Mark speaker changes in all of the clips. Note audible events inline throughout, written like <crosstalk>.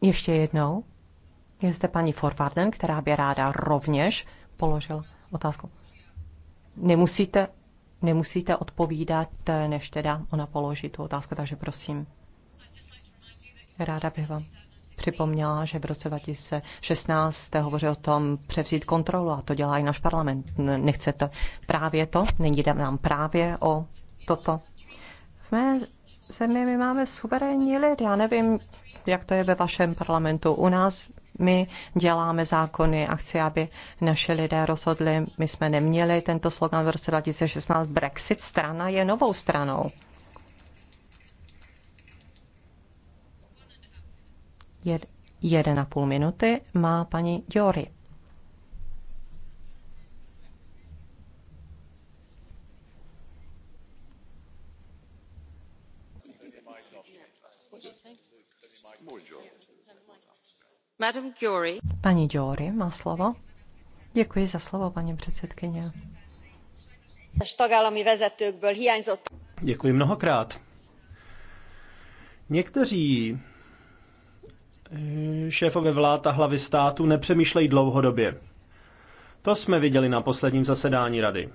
Speaker 1: Ještě jednou. Je zde paní Forwarden, která by ráda rovněž položila otázku. Nemusíte, nemusíte odpovídat, než teda ona položí tu otázku, takže prosím. Ráda bych vám připomněla, že v roce 2016 jste hovořil o tom převzít kontrolu a to dělá i náš parlament. Nechcete právě to? Není nám právě o toto? V mé zemi my máme suverénní lid. Já nevím, jak to je ve vašem parlamentu. U nás my děláme zákony a chci, aby naše lidé rozhodli. My jsme neměli tento slogan v roce 2016. Brexit strana je novou stranou. Jed, jeden a půl minuty má paní Jory. Paní Giori má slovo. Děkuji za slovo, paní předsedkyně.
Speaker 2: Děkuji mnohokrát. Někteří eh, šéfové vlád a hlavy státu nepřemýšlejí dlouhodobě. To jsme viděli na posledním zasedání rady.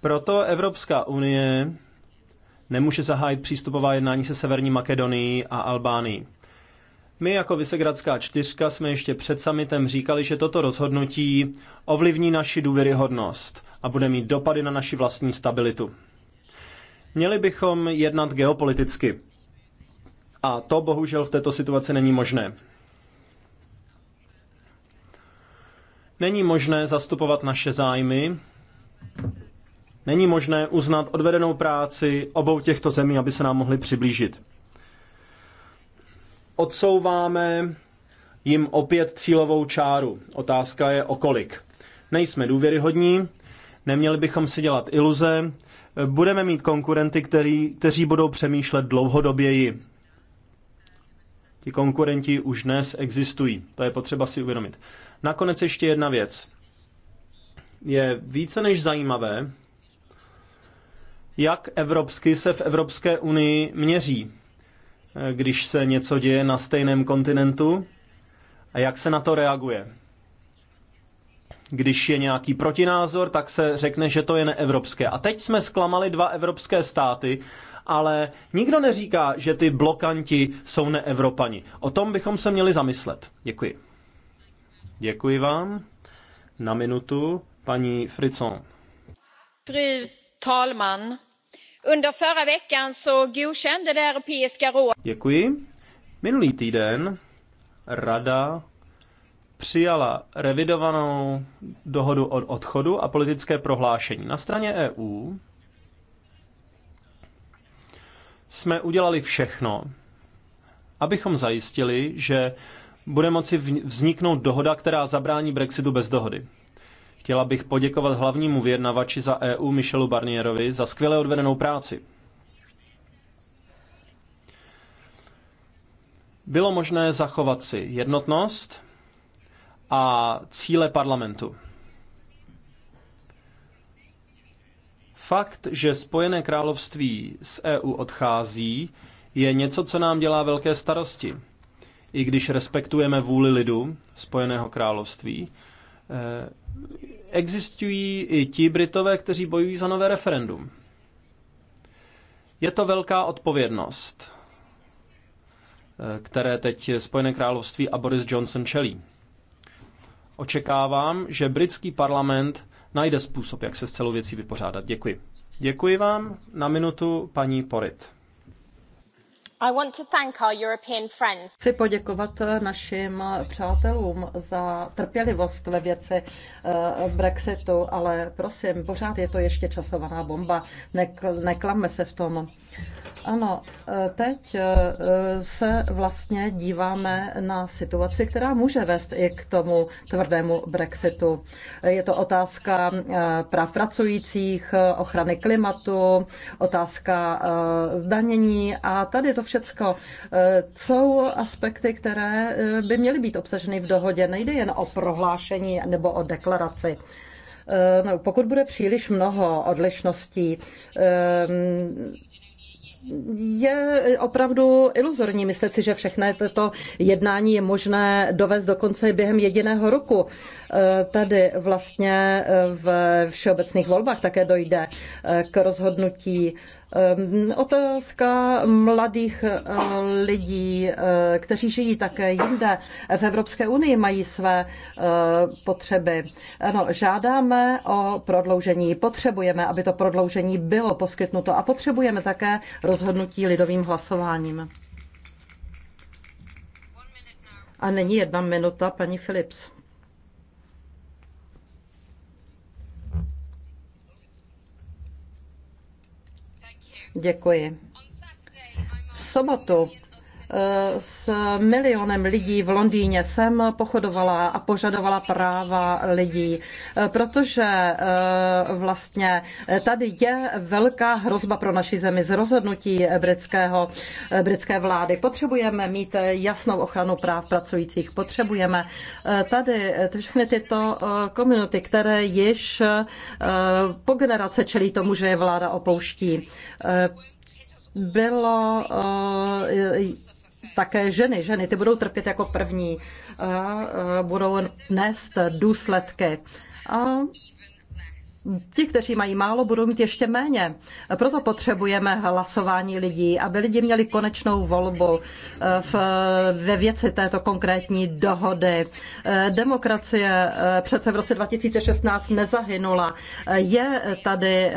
Speaker 2: Proto Evropská unie nemůže zahájit přístupová jednání se Severní Makedonií a Albánií. My jako Vysegradská čtyřka jsme ještě před summitem říkali, že toto rozhodnutí ovlivní naši důvěryhodnost a bude mít dopady na naši vlastní stabilitu. Měli bychom jednat geopoliticky. A to bohužel v této situaci není možné. Není možné zastupovat naše zájmy, není možné uznat odvedenou práci obou těchto zemí, aby se nám mohly přiblížit odsouváme jim opět cílovou čáru. Otázka je o kolik. Nejsme důvěryhodní, neměli bychom si dělat iluze, budeme mít konkurenty, který, kteří budou přemýšlet dlouhodoběji. Ti konkurenti už dnes existují, to je potřeba si uvědomit. Nakonec ještě jedna věc. Je více než zajímavé, jak evropsky se v Evropské unii měří když se něco děje na stejném kontinentu a jak se na to reaguje. Když je nějaký protinázor, tak se řekne, že to je neevropské. A teď jsme zklamali dva evropské státy, ale nikdo neříká, že ty blokanti jsou neevropani. O tom bychom se měli zamyslet. Děkuji. Děkuji vám. Na minutu paní Fricon.
Speaker 3: Fru talman, Under förra veckan så godkände det Europeiska rådet...
Speaker 2: Děkuji. Minulý týden Rada přijala revidovanou dohodu o odchodu a politické prohlášení. Na straně EU jsme udělali všechno, abychom zajistili, že bude moci vzniknout dohoda, která zabrání Brexitu bez dohody. Chtěla bych poděkovat hlavnímu vyjednavači za EU Michelu Barnierovi za skvěle odvedenou práci. Bylo možné zachovat si jednotnost a cíle parlamentu. Fakt, že Spojené království z EU odchází, je něco, co nám dělá velké starosti. I když respektujeme vůli lidu Spojeného království, Eh, existují i ti Britové, kteří bojují za nové referendum. Je to velká odpovědnost, eh, které teď Spojené království a Boris Johnson čelí. Očekávám, že britský parlament najde způsob, jak se s celou věcí vypořádat. Děkuji. Děkuji vám. Na minutu paní Porit.
Speaker 1: Chci
Speaker 3: poděkovat eh, našim eh, přátelům za trpělivost ve věci eh, Brexitu, ale prosím, pořád je to ještě časovaná bomba. neklamme se v tom. Ano, teď se vlastně díváme na situaci, která může vést i k tomu tvrdému Brexitu. Je to otázka práv pracujících, ochrany klimatu, otázka zdanění a tady to všecko eh, jsou aspekty, které eh, by měly být obsaženy v dohodě. Nejde jen o prohlášení nebo o deklaraci. Eh, no, pokud bude příliš mnoho odlišností, je opravdu iluzorní myslet si, že všechny tyto jednání je možné dovést dokonce během jediného roku. Tady vlastně v všeobecných volbách také dojde k rozhodnutí Ehm, otázka mladých eh, lidí, eh, kteří žijí také jinde v Evropské unii, mají své eh, potřeby. Ano, žádáme o prodloužení, potřebujeme, aby to prodloužení bylo poskytnuto a potřebujeme také rozhodnutí lidovým hlasováním. A není jedna minuta, paní Philips. Děkuji. V sobotu s milionem lidí v Londýně jsem pochodovala a požadovala práva lidí, protože e, vlastně tady je velká hrozba pro naši zemi z rozhodnutí britského, e, britské vlády. Potřebujeme mít jasnou ochranu práv pracujících, potřebujeme e, tady všechny tyto komunity, které již po generace čelí tomu, že je vláda opouští. Bylo také ženy. Ženy ty budou trpět jako první, budou nést důsledky. A ti, kteří mají málo, budou mít ještě méně. Proto potřebujeme hlasování lidí, aby lidi měli konečnou volbu eh, v, ve věci této konkrétní dohody. Eh, demokracie eh, přece v roce 2016 nezahynula. Je tady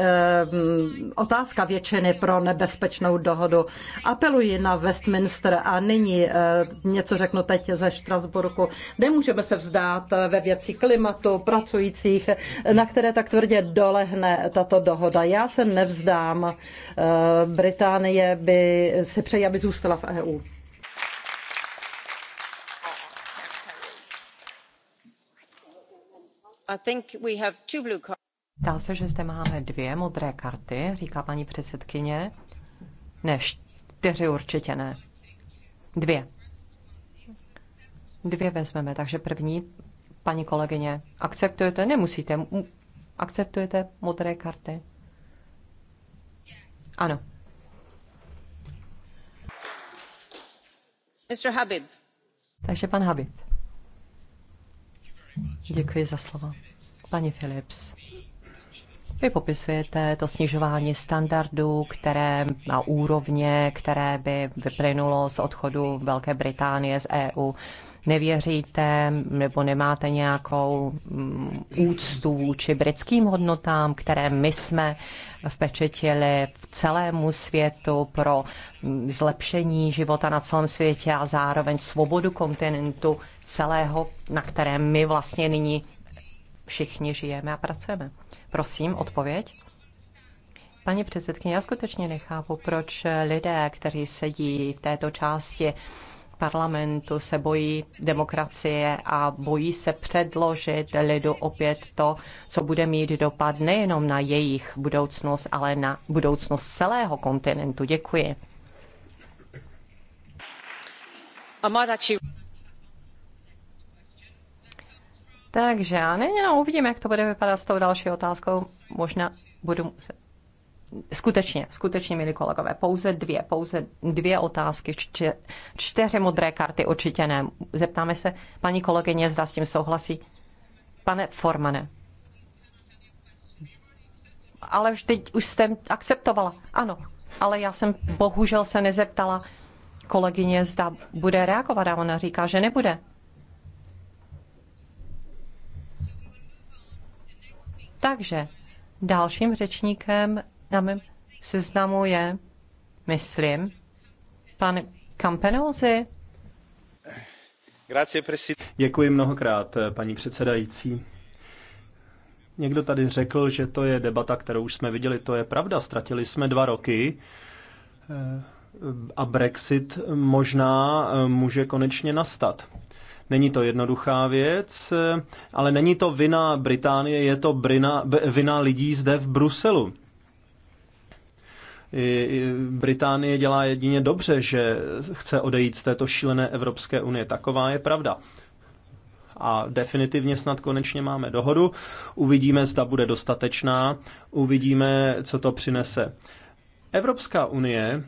Speaker 3: otázka většiny pro nebezpečnou dohodu. Apeluji na Westminster a nyní něco řeknu teď ze Štrasburku. Nemůžeme se vzdát ve věci klimatu, pracujících, na které tak tvrdě že prostě dolehne tato dohoda. Já se nevzdám. Eh, Británie by si přeji, aby zůstala v EU.
Speaker 1: Zdá se, že zde máme dvě modré karty, říká paní předsedkyně. Ne, čtyři určitě ne. Dvě. Dvě vezmeme, takže první, paní kolegyně, akceptujete, nemusíte, Akceptujete modré karty? Ano. Mr. Habib. Takže pan Habib. Děkuji za slovo. Pani Philips, vy popisujete to snižování standardů, které na úrovně, které by vyplynulo z odchodu Velké Británie z EU nevěříte nebo nemáte nějakou mm, úctu vůči britským hodnotám, které my jsme vpečetili v celému světu pro mm, zlepšení života na celém světě a zároveň svobodu kontinentu celého, na kterém my vlastně nyní všichni žijeme a pracujeme. Prosím, odpověď. Paní předsedkyně, já skutečně nechápu, proč lidé, kteří sedí v této části parlamentu se bojí demokracie a bojí se předložit lidu opět to, co bude mít dopad nejenom na jejich budoucnost, ale na budoucnost celého kontinentu. Děkuji. Takže a nejenom uvidíme, jak to bude vypadat s tou další otázkou. Možná budu muset Skutečně, skutečně, milí kolegové, pouze dvě, pouze dvě otázky, čtyři, modré karty určitě ne. Zeptáme se paní kolegyně, zda s tím souhlasí. Pane Formane, ale vždyť už jste akceptovala. Ano, ale já jsem bohužel se nezeptala kolegyně, zda bude reagovat a ona říká, že nebude. Takže dalším řečníkem na mém seznamu je, myslím, pan Campenozi.
Speaker 2: Děkuji mnohokrát, eh, paní předsedající. Někdo tady řekl, že to je debata, kterou už jsme viděli. To je pravda, ztratili jsme dva roky eh, a Brexit možná eh, může konečně nastat. Není to jednoduchá věc, ale není to vina Británie, je to brina, vina lidí zde v Bruselu. Británie dělá jedině dobře, že chce odejít z této šílené Evropské unie. Taková je pravda. A definitivně snad konečně máme dohodu. Uvidíme, zda bude dostatečná. Uvidíme, co to přinese. Evropská unie,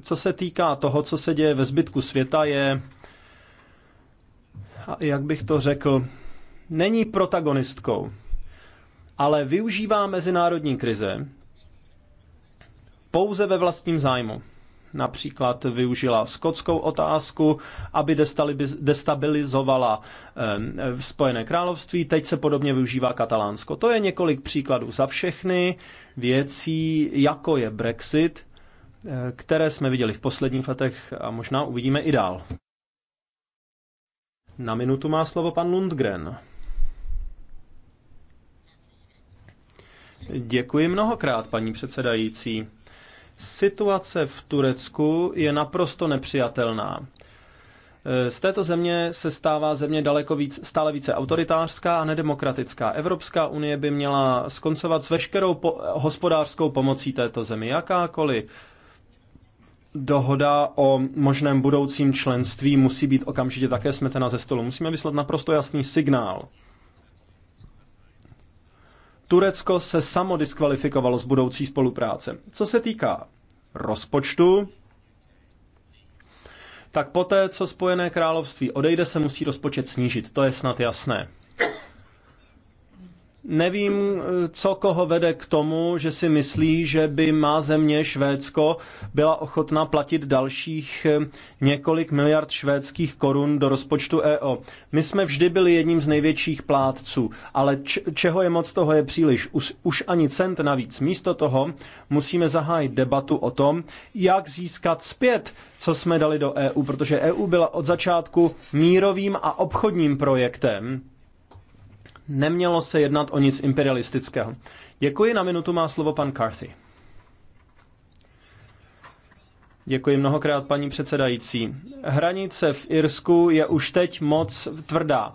Speaker 2: co se týká toho, co se děje ve zbytku světa, je, jak bych to řekl, není protagonistkou, ale využívá mezinárodní krize pouze ve vlastním zájmu. Například využila skotskou otázku, aby destabilizovala eh, Spojené království, teď se podobně využívá Katalánsko. To je několik příkladů za všechny věcí, jako je Brexit, eh, které jsme viděli v posledních letech a možná uvidíme i dál. Na minutu má slovo pan Lundgren. Děkuji mnohokrát, paní předsedající. Situace v Turecku je naprosto nepřijatelná. E, z této země se stává země daleko víc, stále více autoritářská a nedemokratická. Evropská unie by měla skoncovat s veškerou po, hospodářskou pomocí této zemi. Jakákoliv dohoda o možném budoucím členství musí být okamžitě také smetena ze stolu. Musíme vyslat naprosto jasný signál. Turecko se samo diskvalifikovalo z budoucí spolupráce. Co se týká rozpočtu, tak poté, co Spojené království odejde, se musí rozpočet snížit. To je snad jasné. Nevím, co koho vede k tomu, že si myslí, že by má země Švédsko byla ochotná platit dalších eh, několik miliard švédských korun do rozpočtu EO. My jsme vždy byli jedním z největších plátců, ale čeho je moc, toho je příliš. Už, už ani cent navíc. Místo toho musíme zahájit debatu o tom, jak získat zpět, co jsme dali do EU, protože EU byla od začátku mírovým a obchodním projektem Nemělo se jednat o nic imperialistického. Děkuji, na minutu má slovo pan Carthy. Děkuji mnohokrát, paní předsedající. Hranice v Irsku je už teď moc tvrdá.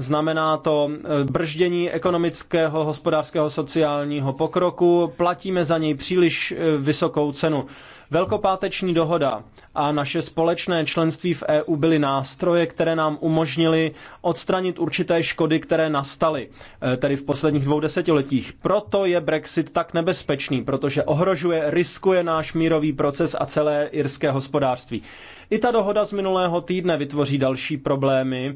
Speaker 2: Znamená to eh, brždění ekonomického, hospodářského, sociálního pokroku. Platíme za něj příliš eh, vysokou cenu. Velkopáteční dohoda a naše společné členství v EU byly nástroje, které nám umožnily odstranit určité škody, které nastaly, eh, tedy v posledních dvou desetiletích. Proto je Brexit tak nebezpečný, protože ohrožuje, riskuje náš mírový proces a celé irské hospodářství. I ta dohoda z minulého týdne vytvoří další problémy,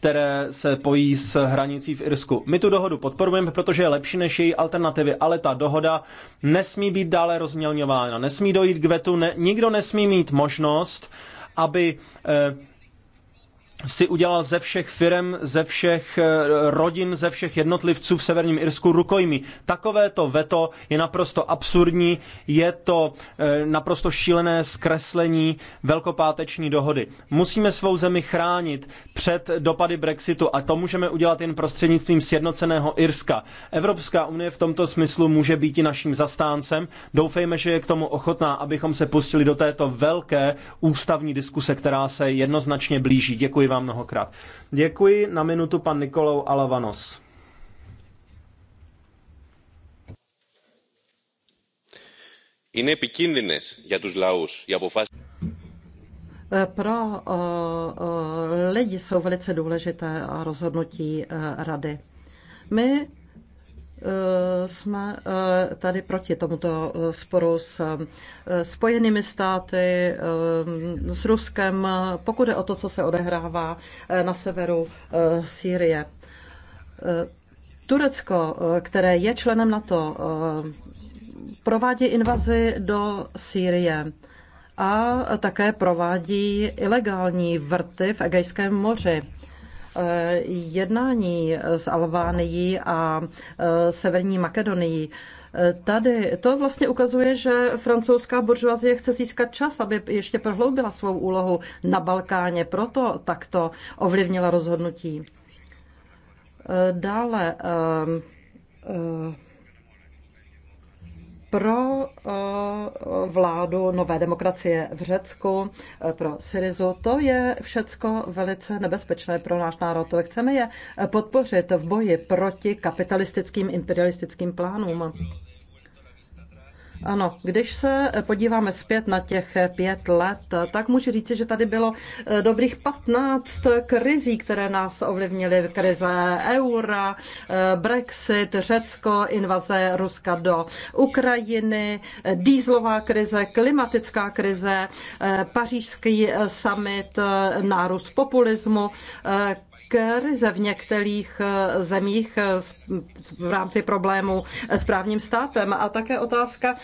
Speaker 2: které se pojí s hranicí v Irsku. My tu dohodu podporujeme, protože je lepší než její alternativy, ale ta dohoda nesmí být dále rozmělňována, nesmí dojít k vetu, ne, nikdo nesmí mít možnost, aby eh, si udělal ze všech firm, ze všech eh, rodin, ze všech jednotlivců v Severním Irsku rukojmí. Takovéto veto je naprosto absurdní, je to eh, naprosto šílené zkreslení velkopáteční dohody. Musíme svou zemi chránit před dopady Brexitu a to můžeme udělat jen prostřednictvím sjednoceného Irska. Evropská unie v tomto smyslu může být i naším zastáncem. Doufejme, že je k tomu ochotná, abychom se pustili do této velké ústavní diskuse, která se jednoznačně blíží. Děkuji vám mnohokrát. Děkuji. Na minutu pan Nikolou Alavanos. Είναι επικίνδυνες για τους λαούς οι αποφάσεις
Speaker 3: pro lidi jsou velice důležité rozhodnutí e, rady. My Eh, jsme eh, tady proti tomuto eh, sporu s Spojenými státy, s Ruskem, pokud je o to, co se odehrává na severu Sýrie. Turecko, které je členem NATO, provádí invazi do Sýrie a také provádí ilegální vrty v Egejském moři. Eh, jednání s Albánií a eh, Severní Makedonií. Eh, tady to vlastně ukazuje, že francouzská buržoazie chce získat čas, aby ještě prohloubila svou úlohu na Balkáně, proto takto ovlivnila rozhodnutí. Dále. Uh, uh, pro eh, vládu nové demokracie v Řecku, eh, pro Syrizu. To je všecko velice nebezpečné pro náš národ. Chceme je podpořit v boji proti kapitalistickým imperialistickým plánům. Ano, když se podíváme zpět na těch pět let, tak můžu říct, že tady bylo eh, dobrých 15 krizí, které nás ovlivnily. Krize eura, eh, Brexit, Řecko, invaze Ruska do Ukrajiny, eh, dýzlová krize, klimatická krize, pařížský summit, nárůst populismu, krize v některých eh, zemích eh, v rámci problému eh, s právním státem a také otázka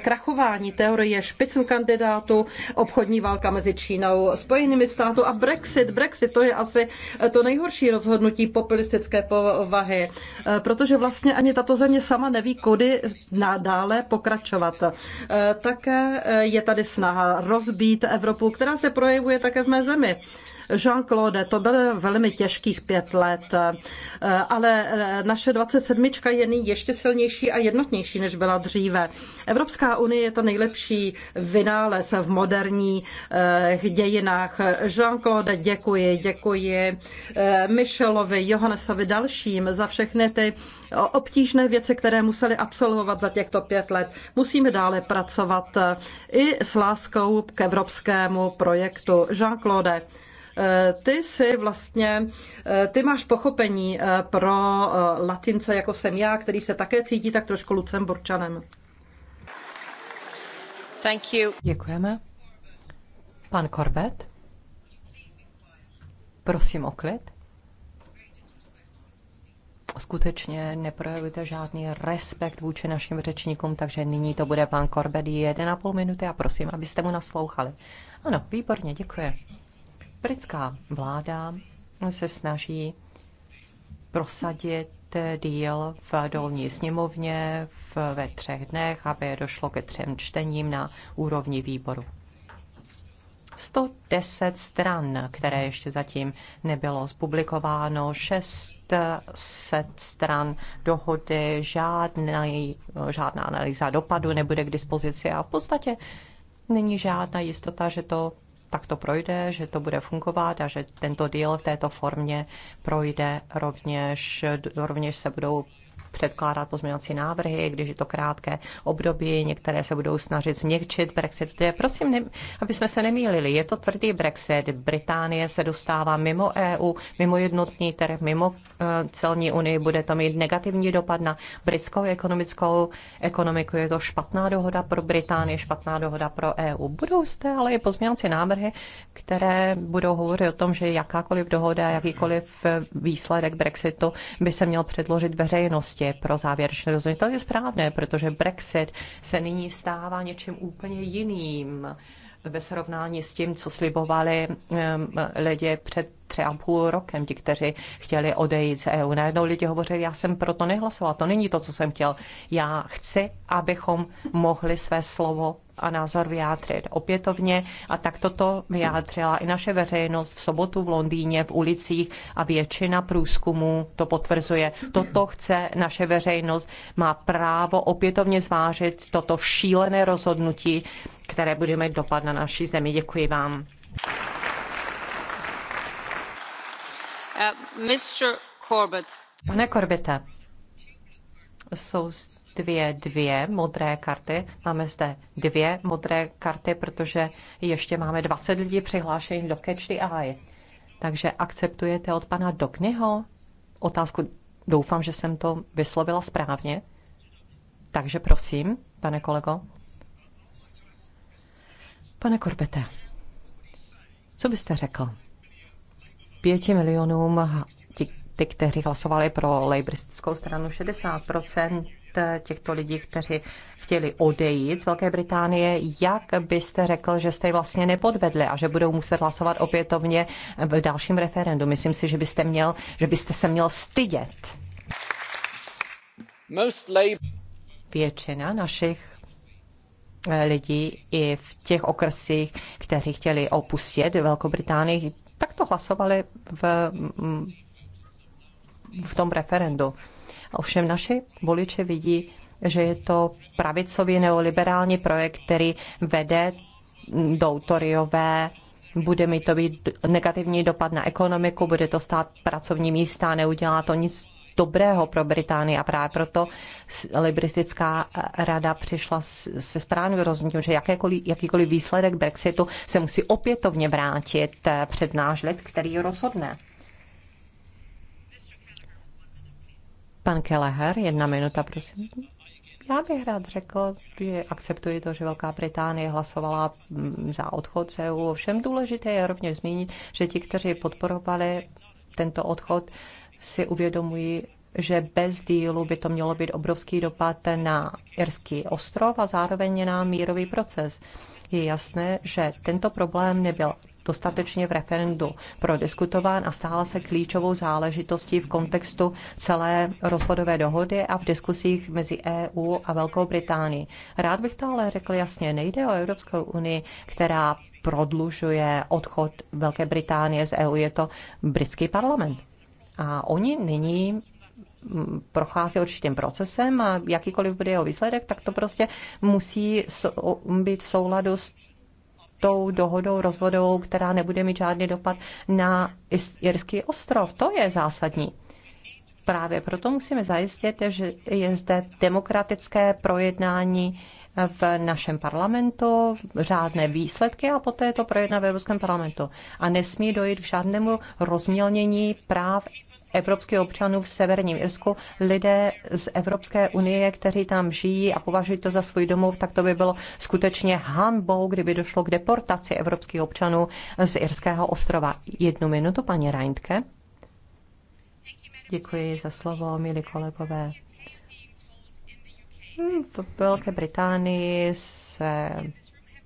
Speaker 3: krachování teorie špicn kandidátu, obchodní válka mezi Čínou, Spojenými státy a Brexit. Brexit to je asi to nejhorší rozhodnutí populistické povahy, protože vlastně ani tato země sama neví, kudy nadále pokračovat. Také je tady snaha rozbít Evropu, která se projevuje také v mé zemi. Jean-Claude, to bylo velmi těžkých pět let, eh, ale eh, naše 27. je nyní ještě silnější a jednotnější, než byla dříve. Evropská unie je to nejlepší vynález v moderních eh, dějinách. Jean-Claude, děkuji, děkuji Michelovi, Johannesovi, dalším za všechny ty obtížné věci, které museli absolvovat za těchto pět let. Musíme dále pracovat i s láskou k evropskému projektu. Jean-Claude, Eh, ty si vlastně, eh, ty máš pochopení eh, pro latince, jako jsem já, který se také cítí tak trošku lucemburčanem.
Speaker 1: Thank you. Děkujeme. Pan Korbet? Prosím o klid. Skutečně neprojevujte žádný respekt vůči našim řečníkům, takže nyní to bude pan Korbet 1,5 minuty a prosím, abyste mu naslouchali. Ano, výborně, děkuji. Britská vláda se snaží prosadit díl v dolní sněmovně v, ve třech dnech, aby došlo ke třem čtením na úrovni výboru. 110 stran, které ještě zatím nebylo zpublikováno, 600 stran dohody, žádný, žádná analýza dopadu nebude k dispozici a v podstatě není žádná jistota, že to tak to projde, že to bude fungovat a že tento díl v této formě projde rovněž, rovněž se budou předkládat pozměňovací návrhy, když je to krátké období, některé se budou snažit změkčit Brexit. Prosím, ne, aby jsme se nemýlili, je to tvrdý Brexit. Británie se dostává mimo EU, mimo jednotný trh, mimo eh, celní unii, bude to mít negativní dopad na britskou ekonomickou ekonomiku. Je to špatná dohoda pro Británii, špatná dohoda pro EU. Budou zde ale i pozměňovací návrhy, které budou hovořit o tom, že jakákoliv dohoda, jakýkoliv eh, výsledek Brexitu by se měl předložit veřejnosti možnosti pro závěrečné rozhodnutí. To je správné, protože Brexit se nyní stává něčím úplně jiným ve srovnání s tím, co slibovali lidi před tři a půl rokem, ti, kteří chtěli odejít z EU. Najednou lidi hovořili, já jsem proto nehlasoval, to není to, co jsem chtěl. Já chci, abychom mohli své slovo a názor vyjádřit opětovně a tak toto vyjádřila i naše veřejnost v sobotu v Londýně v ulicích a většina průzkumů to potvrzuje. Toto chce naše veřejnost, má právo opětovně zvážit toto šílené rozhodnutí které bude mít dopad na naší zemi. Děkuji vám. Uh, pane Korbete, jsou dvě, dvě modré karty. Máme zde dvě modré karty, protože ještě máme 20 lidí přihlášených do Catch the Eye. Takže akceptujete od pana Doknyho otázku? Doufám, že jsem to vyslovila správně. Takže prosím, pane kolego. Pane Korbete, co byste řekl? Pěti milionům ti, ty, kteří hlasovali pro lejbristickou stranu, 60% těchto lidí, kteří chtěli odejít z Velké Británie, jak byste řekl, že jste vlastně nepodvedli a že budou muset hlasovat opětovně v dalším referendu? Myslím si, že byste, měl, že byste se měl stydět. Většina našich Eh, Lidi i v těch okresích, kteří chtěli opustit Velkou Británii, tak to hlasovali v, mm, v tom referendu. Ovšem naši voliče vidí, že je to pravicový neoliberální projekt, který vede do Toriové bude mi to být negativní dopad na ekonomiku, bude to stát pracovní místa, neudělá to nic dobrého pro Británii a právě proto Libristická eh, rada přišla se správným rozhodnutím, že jakékoliv, jakýkoliv výsledek Brexitu se musí opětovně vrátit eh, před náš lid, který rozhodne. Pan Kelleher, jedna minuta, prosím. Já bych rád řekl, že akceptuji to, že Velká Británie hlasovala mm, za odchod z EU. Ovšem důležité je rovněž zmínit, že ti, kteří podporovali tento odchod, si uvědomuji, že bez dílu by to mělo být obrovský dopad na Irský ostrov a zároveň na mírový proces. Je jasné, že tento problém nebyl dostatečně v referendu prodiskutován a stála se klíčovou záležitostí v kontextu celé rozhodové dohody a v diskusích mezi EU a Velkou Británií. Rád bych to ale řekl jasně, nejde o Evropskou unii, která prodlužuje odchod Velké Británie z EU, je to britský parlament. A oni nyní mm, prochází určitým procesem a jakýkoliv bude jeho výsledek, tak to prostě musí být v souladu s tou dohodou rozvodovou, která nebude mít žádný dopad na Jirský ostrov. To je zásadní. Právě proto musíme zajistit, že je zde demokratické projednání v našem parlamentu, řádné výsledky a poté to projedná v Evropském parlamentu. A nesmí dojít k žádnému rozmělnění práv evropských občanů v Severním Irsku, lidé z Evropské unie, kteří tam žijí a považují to za svůj domov, tak to by bylo skutečně hanbou, kdyby došlo k deportaci evropských občanů z Irského ostrova. Jednu minutu, paní Reintke. Děkuji za slovo, milí kolegové. Hm, v Velké Británii se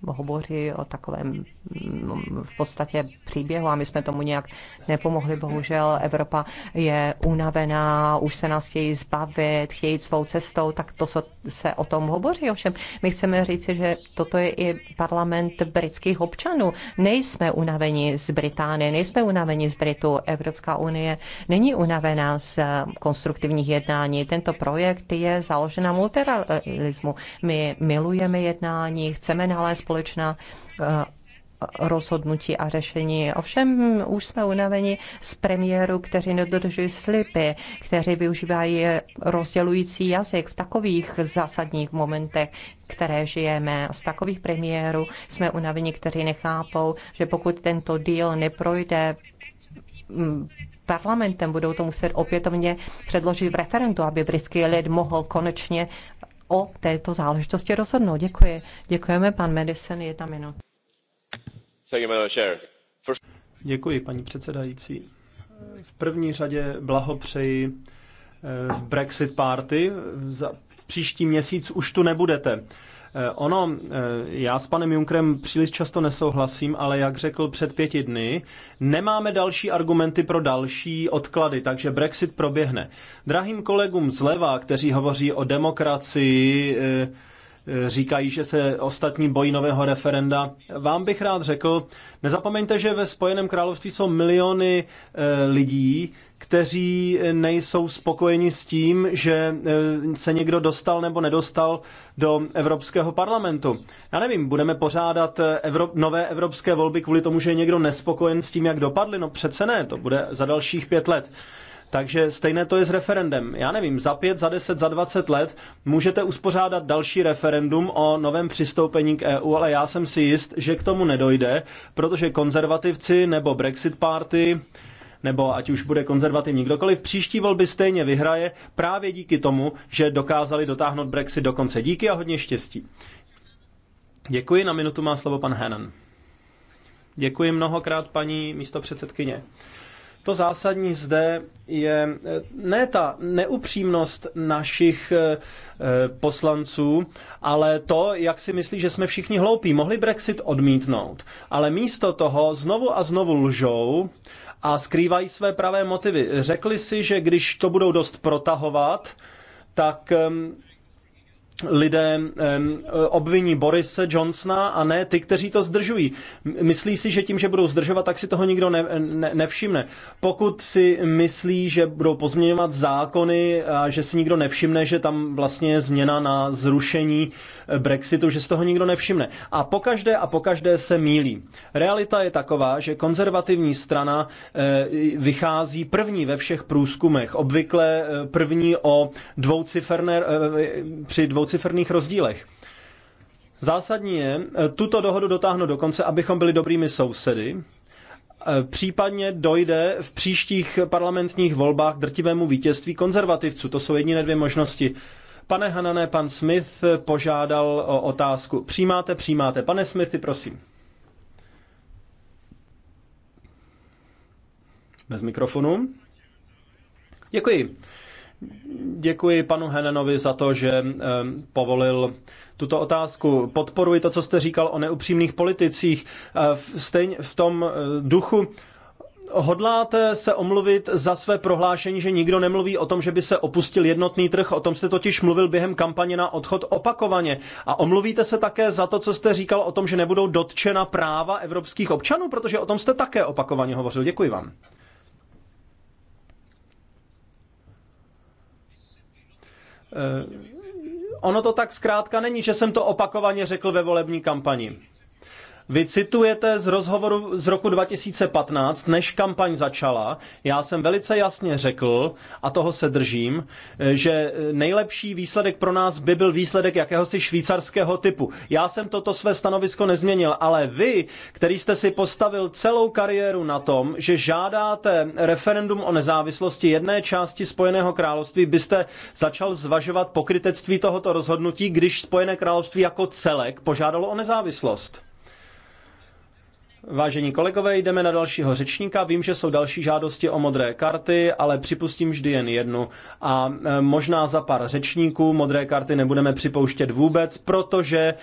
Speaker 1: hovoří o takovém mm, v podstatě příběhu a my jsme tomu nějak nepomohli. Bohužel Evropa je unavená, už se nás chtějí zbavit, chtějí svou cestou, tak to se o tom hovoří. Ovšem, my chceme říci, že toto je i parlament britských občanů. Nejsme unaveni z Británie, nejsme unaveni z Britu. Evropská unie není unavená z konstruktivních jednání. Tento projekt je založen na multilateralismu. My milujeme jednání, chceme nalézt společná eh, rozhodnutí a řešení. Ovšem už jsme unaveni z premiéru, kteří nedodržují slipy, kteří využívají rozdělující jazyk v takových zásadních momentech, které žijeme. Z takových premiérů jsme unaveni, kteří nechápou, že pokud tento díl neprojde, mm, parlamentem budou to muset opětovně předložit v referendu, aby britský lid mohl konečně o této záležitosti rozhodnout. Děkuji. Děkujeme, pan Madison, jedna minuta.
Speaker 2: Děkuji, paní předsedající. V první řadě blahopřeji eh, Brexit Party. Za příští měsíc už tu nebudete. Eh, ono, eh, já s panem Junkrem příliš často nesouhlasím, ale jak řekl před pěti dny, nemáme další argumenty pro další odklady, takže Brexit proběhne. Drahým kolegům zleva, kteří hovoří o demokracii, eh, říkají, že se ostatní bojí nového referenda. Vám bych rád řekl, nezapomeňte, že ve Spojeném království jsou miliony eh, lidí, kteří nejsou spokojeni s tím, že eh, se někdo dostal nebo nedostal do Evropského parlamentu. Já nevím, budeme pořádat eh, Evro- nové evropské volby kvůli tomu, že je někdo nespokojen s tím, jak dopadly? No přece ne, to bude za dalších pět let. Takže stejné to je s referendem. Já nevím, za pět, za deset, za dvacet let můžete uspořádat další referendum o novém přistoupení k EU, ale já jsem si jist, že k tomu nedojde, protože konzervativci nebo Brexit Party nebo ať už bude konzervativní kdokoliv, příští volby stejně vyhraje právě díky tomu, že dokázali dotáhnout Brexit do konce. Díky a hodně štěstí. Děkuji, na minutu má slovo pan Hennan. Děkuji mnohokrát, paní místopředsedkyně. předsedkyně. To zásadní zde je eh, ne ta neupřímnost našich eh, eh, poslanců, ale to, jak si myslí, že jsme všichni hloupí. Mohli Brexit odmítnout, ale místo toho znovu a znovu lžou a skrývají své pravé motivy. Řekli si, že když to budou dost protahovat, tak ehm, lidé obviní Borise Johnsona a ne ty, kteří to zdržují. Myslí si, že tím, že budou zdržovat, tak si toho nikdo ne, ne, nevšimne. Pokud si myslí, že budou pozměňovat zákony a že si nikdo nevšimne, že tam vlastně je změna na zrušení eh, Brexitu, že si toho nikdo nevšimne. A pokaždé a pokaždé se mílí. Realita je taková, že konzervativní strana eh, vychází první ve všech průzkumech. Obvykle eh, první o dvouciferné, při dvou dvouciferných rozdílech. Zásadní je eh, tuto dohodu dotáhnout do konce, abychom byli dobrými sousedy. Eh, případně dojde v příštích parlamentních volbách k drtivému vítězství konzervativců. To jsou jediné dvě možnosti. Pane Hanané, pan Smith požádal o otázku. Přijímáte, přijímáte. Pane Smithy, prosím. Bez mikrofonu. Děkuji. Děkuji panu Henenovi za to, že eh, povolil tuto otázku. Podporuji to, co jste říkal o neupřímných politicích. Eh, Stejně v tom eh, duchu Hodláte se omluvit za své prohlášení, že nikdo nemluví o tom, že by se opustil jednotný trh? O tom jste totiž mluvil během kampaně na odchod opakovaně. A omluvíte se také za to, co jste říkal o tom, že nebudou dotčena práva evropských občanů, protože o tom jste také opakovaně hovořil. Děkuji vám. Eh, ono to tak zkrátka není, že jsem to opakovaně řekl ve volební kampani. Vy citujete z rozhovoru z roku 2015, než kampaň začala. Já jsem velice jasně řekl, a toho se držím, že nejlepší výsledek pro nás by byl výsledek jakéhosi švýcarského typu. Já jsem toto své stanovisko nezměnil, ale vy, který jste si postavil celou kariéru na tom, že žádáte referendum o nezávislosti jedné části Spojeného království, byste začal zvažovat pokrytectví tohoto rozhodnutí, když Spojené království jako celek požádalo o nezávislost. Vážení kolegové, jdeme na dalšího řečníka. Vím, že jsou další žádosti o modré karty, ale připustím vždy jen jednu. A e, možná za pár řečníků modré karty nebudeme připouštět vůbec, protože e,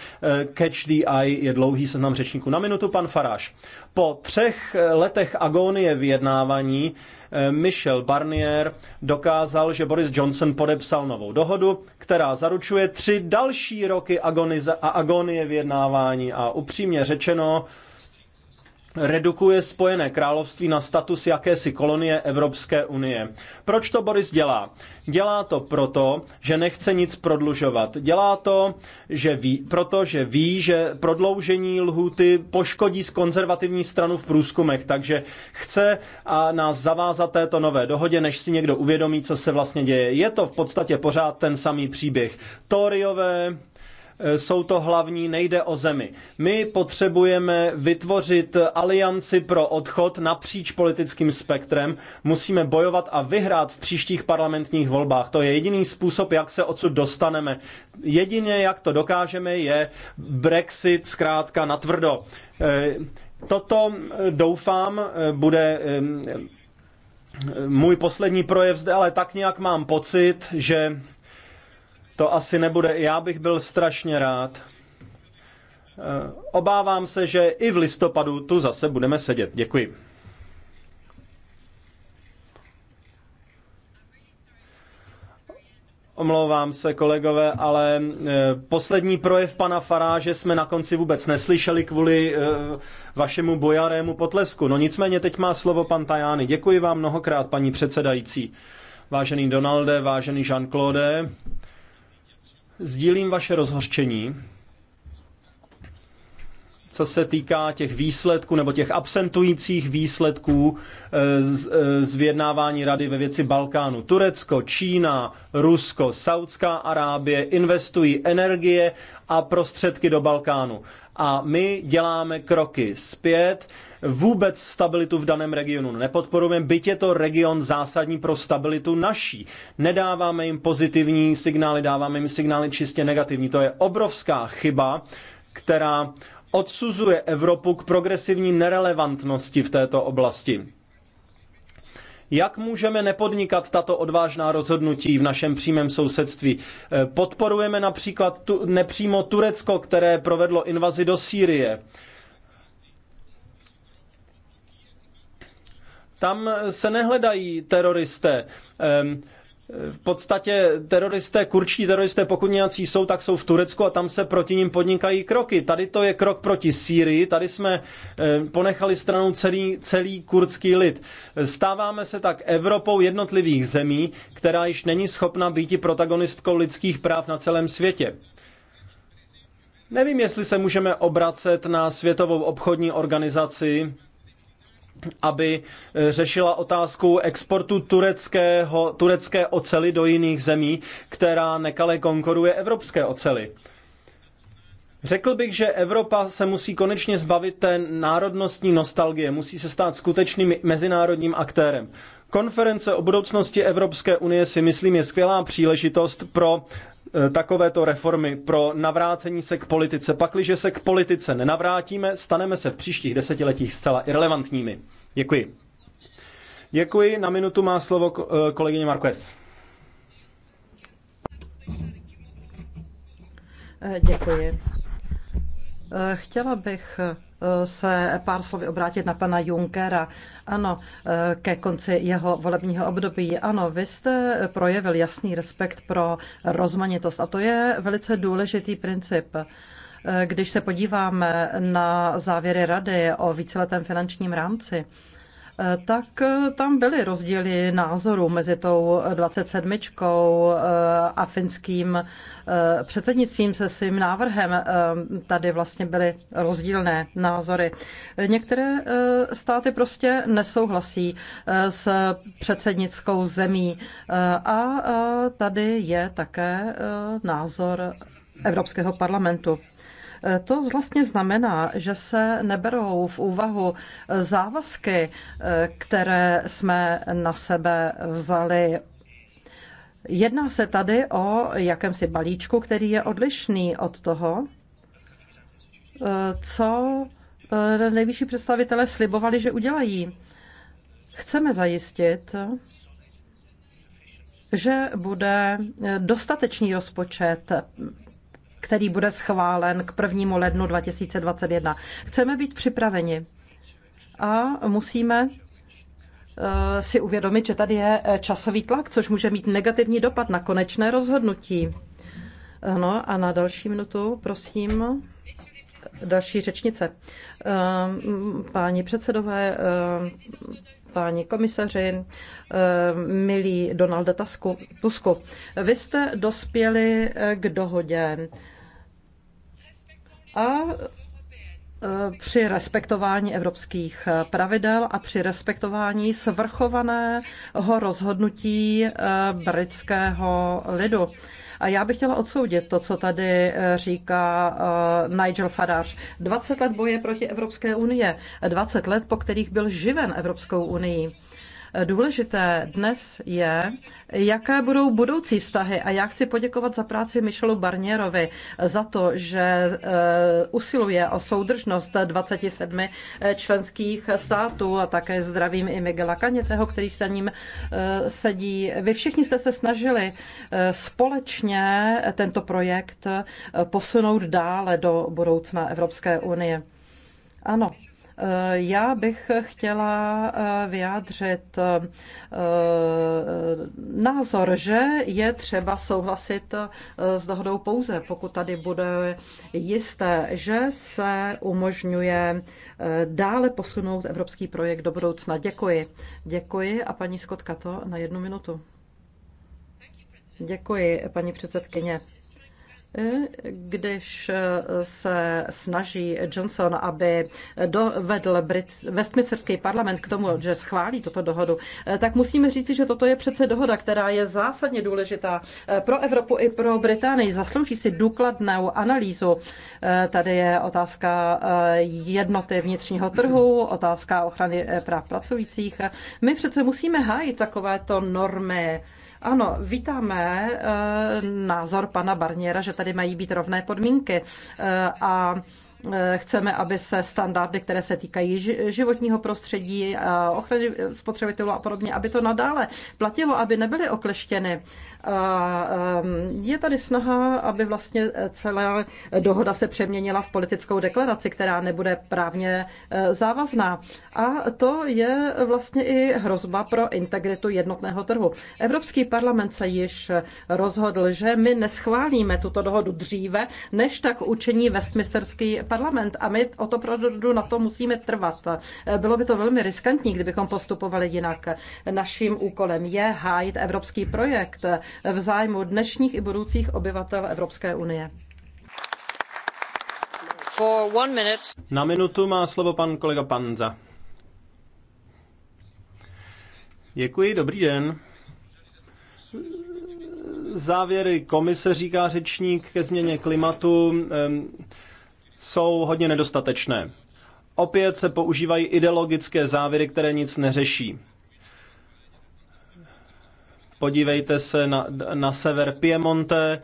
Speaker 2: Catch the Eye je dlouhý seznam řečníků. Na minutu pan Faráš. Po třech e, letech agónie vyjednávání Michel Barnier dokázal, že Boris Johnson podepsal novou dohodu, která zaručuje tři další roky agonize a agonie vyjednávání. A upřímně řečeno, redukuje Spojené království na status jakési kolonie Evropské unie. Proč to Boris dělá? Dělá to proto, že nechce nic prodlužovat. Dělá to, že ví, proto, že ví, že prodloužení lhuty poškodí z konzervativní stranu v průzkumech, takže chce a nás zavázat této nové dohodě, než si někdo uvědomí, co se vlastně děje. Je to v podstatě pořád ten samý příběh. Toriové Eh, jsou to hlavní, nejde o zemi. My potřebujeme vytvořit alianci pro odchod napříč politickým spektrem. Musíme bojovat a vyhrát v příštích parlamentních volbách. To je jediný způsob, jak se odsud dostaneme. Jedině, jak to dokážeme, je Brexit zkrátka natvrdo. Eh, toto eh, doufám bude můj poslední projev zde, ale tak nějak mám pocit, že to asi nebude. Já bych byl strašně rád. Eh, obávám se, že i v listopadu tu zase budeme sedět. Děkuji. Omlouvám se, kolegové, ale eh, poslední projev pana Faráže jsme na konci vůbec neslyšeli kvůli eh, vašemu bojarému potlesku. No nicméně teď má slovo pan Tajány. Děkuji vám mnohokrát, paní předsedající. Vážený Donalde, vážený Jean-Claude, Sdílím vaše rozhořčení co se týká těch výsledků nebo těch absentujících výsledků eh, z, eh, z vyjednávání rady ve věci Balkánu. Turecko, Čína, Rusko, Saudská Arábie investují energie a prostředky do Balkánu. A my děláme kroky zpět. Vůbec stabilitu v daném regionu nepodporujeme, byť je to region zásadní pro stabilitu naší. Nedáváme jim pozitivní signály, dáváme jim signály čistě negativní. To je obrovská chyba, která odsuzuje Evropu k progresivní nerelevantnosti v této oblasti. Jak můžeme nepodnikat tato odvážná rozhodnutí v našem přímém sousedství? Eh, podporujeme například tu, nepřímo Turecko, které provedlo invazi do Sýrie. Tam se nehledají teroristé. Ehm, v podstatě teroristé, kurdští teroristé, pokud nějací jsou, tak jsou v Turecku a tam se proti ním podnikají kroky. Tady to je krok proti Sýrii, tady jsme eh, ponechali stranou celý, celý kurdský lid. Stáváme se tak Evropou jednotlivých zemí, která již není schopna být protagonistkou lidských práv na celém světě. Nevím, jestli se můžeme obracet na Světovou obchodní organizaci, aby eh, řešila otázku exportu tureckého, turecké ocely do jiných zemí, která nekale konkuruje evropské ocely. Řekl bych, že Evropa se musí konečně zbavit té národnostní nostalgie, musí se stát skutečným mezinárodním aktérem. Konference o budoucnosti Evropské unie si myslím je skvělá příležitost pro Eh, takovéto reformy pro navrácení se k politice. Pakliže se k politice nenavrátíme, staneme se v příštích desetiletích zcela irrelevantními. Děkuji. Děkuji. Na minutu má slovo eh, kolegyně Marquez.
Speaker 3: Eh, děkuji. Chtěla bych se pár slovy obrátit na pana Junkera. Ano, eh, ke konci jeho volebního období. Ano, vy jste projevil jasný respekt pro rozmanitost a to je velice důležitý princip. Eh, když se podíváme na závěry rady o víceletém finančním rámci, Eh, tak eh, tam byly rozdíly názorů mezi tou 27. Eh, a finským předsednictvím se svým návrhem. Tady vlastně byly rozdílné názory. Některé státy prostě nesouhlasí s předsednickou zemí a tady je také názor Evropského parlamentu. Eh, to vlastně znamená, že se neberou v úvahu závazky, eh, které jsme na sebe vzali Jedná se tady o jakémsi balíčku, který je odlišný od toho, eh, co nejvyšší představitelé slibovali, že udělají. Chceme zajistit, že bude dostatečný rozpočet který bude schválen k 1. lednu 2021. Chceme být připraveni a musíme eh, si uvědomit, že tady je eh, časový tlak, což může mít negativní dopad na konečné rozhodnutí. Ano, a na další minutu, prosím, další řečnice. Eh, páni předsedové, páni komisaři, eh, milí Donalde Tusku. Vy jste dospěli eh, k dohodě a eh, při respektování evropských pravidel a při respektování svrchovaného rozhodnutí britského lidu. A já bych chtěla odsoudit to, co tady eh, říká eh, Nigel Farage. 20 let boje proti Evropské unie, 20 let, po kterých byl živen Evropskou unii. Důležité dnes je, jaké budou budoucí vztahy a já chci poděkovat za práci Michelu Barnierovi za to, že eh, usiluje o soudržnost 27 eh, členských států a také zdravím i Miguela Kaněteho, který se ním eh, sedí. Vy všichni jste se snažili společně tento projekt posunout dále do budoucna Evropské unie. Ano, já bych chtěla eh, vyjádřit eh, názor, že je třeba souhlasit eh, s dohodou pouze, pokud tady bude jisté, že se umožňuje dále posunout evropský projekt do budoucna. Děkuji. Děkuji a paní Skotka to na jednu minutu. Děkuji, paní předsedkyně když eh, se snaží Johnson, aby dovedl Brit, Westminsterský parlament k tomu, že schválí toto dohodu, eh, tak musíme říci, že toto je přece dohoda, která je zásadně důležitá eh, pro Evropu i pro Británii. Zaslouží si důkladnou analýzu. Tady je otázka jednoty vnitřního trhu, otázka ochrany práv pracujících. My přece musíme hájit takovéto normy, ano, vítáme eh, názor pana Barniera, že tady mají být rovné podmínky eh, a Eh, chceme, aby se standardy, které se týkají životního prostředí, ochrany spotřebitelů a podobně, aby to nadále platilo, aby nebyly okleštěny. Ehm, je tady snaha, aby vlastně eh, celá dohoda se přeměnila v politickou deklaraci, která nebude právně eh, závazná. A to je vlastně i hrozba pro integritu jednotného trhu. Evropský parlament se již rozhodl, že my neschválíme tuto dohodu dříve, než tak učení Westminsterský parlament a my o to opravdu na to musíme trvat. Bylo by to velmi riskantní, kdybychom postupovali jinak. Naším úkolem je hájit evropský projekt v zájmu dnešních i budoucích obyvatel Evropské unie.
Speaker 2: Na minutu má slovo pan kolega Panza. Děkuji, dobrý den. Závěry komise, říká řečník ke změně klimatu, jsou hodně nedostatečné. Opět se používají ideologické závěry, které nic neřeší. Podívejte se na, na sever Piemonte,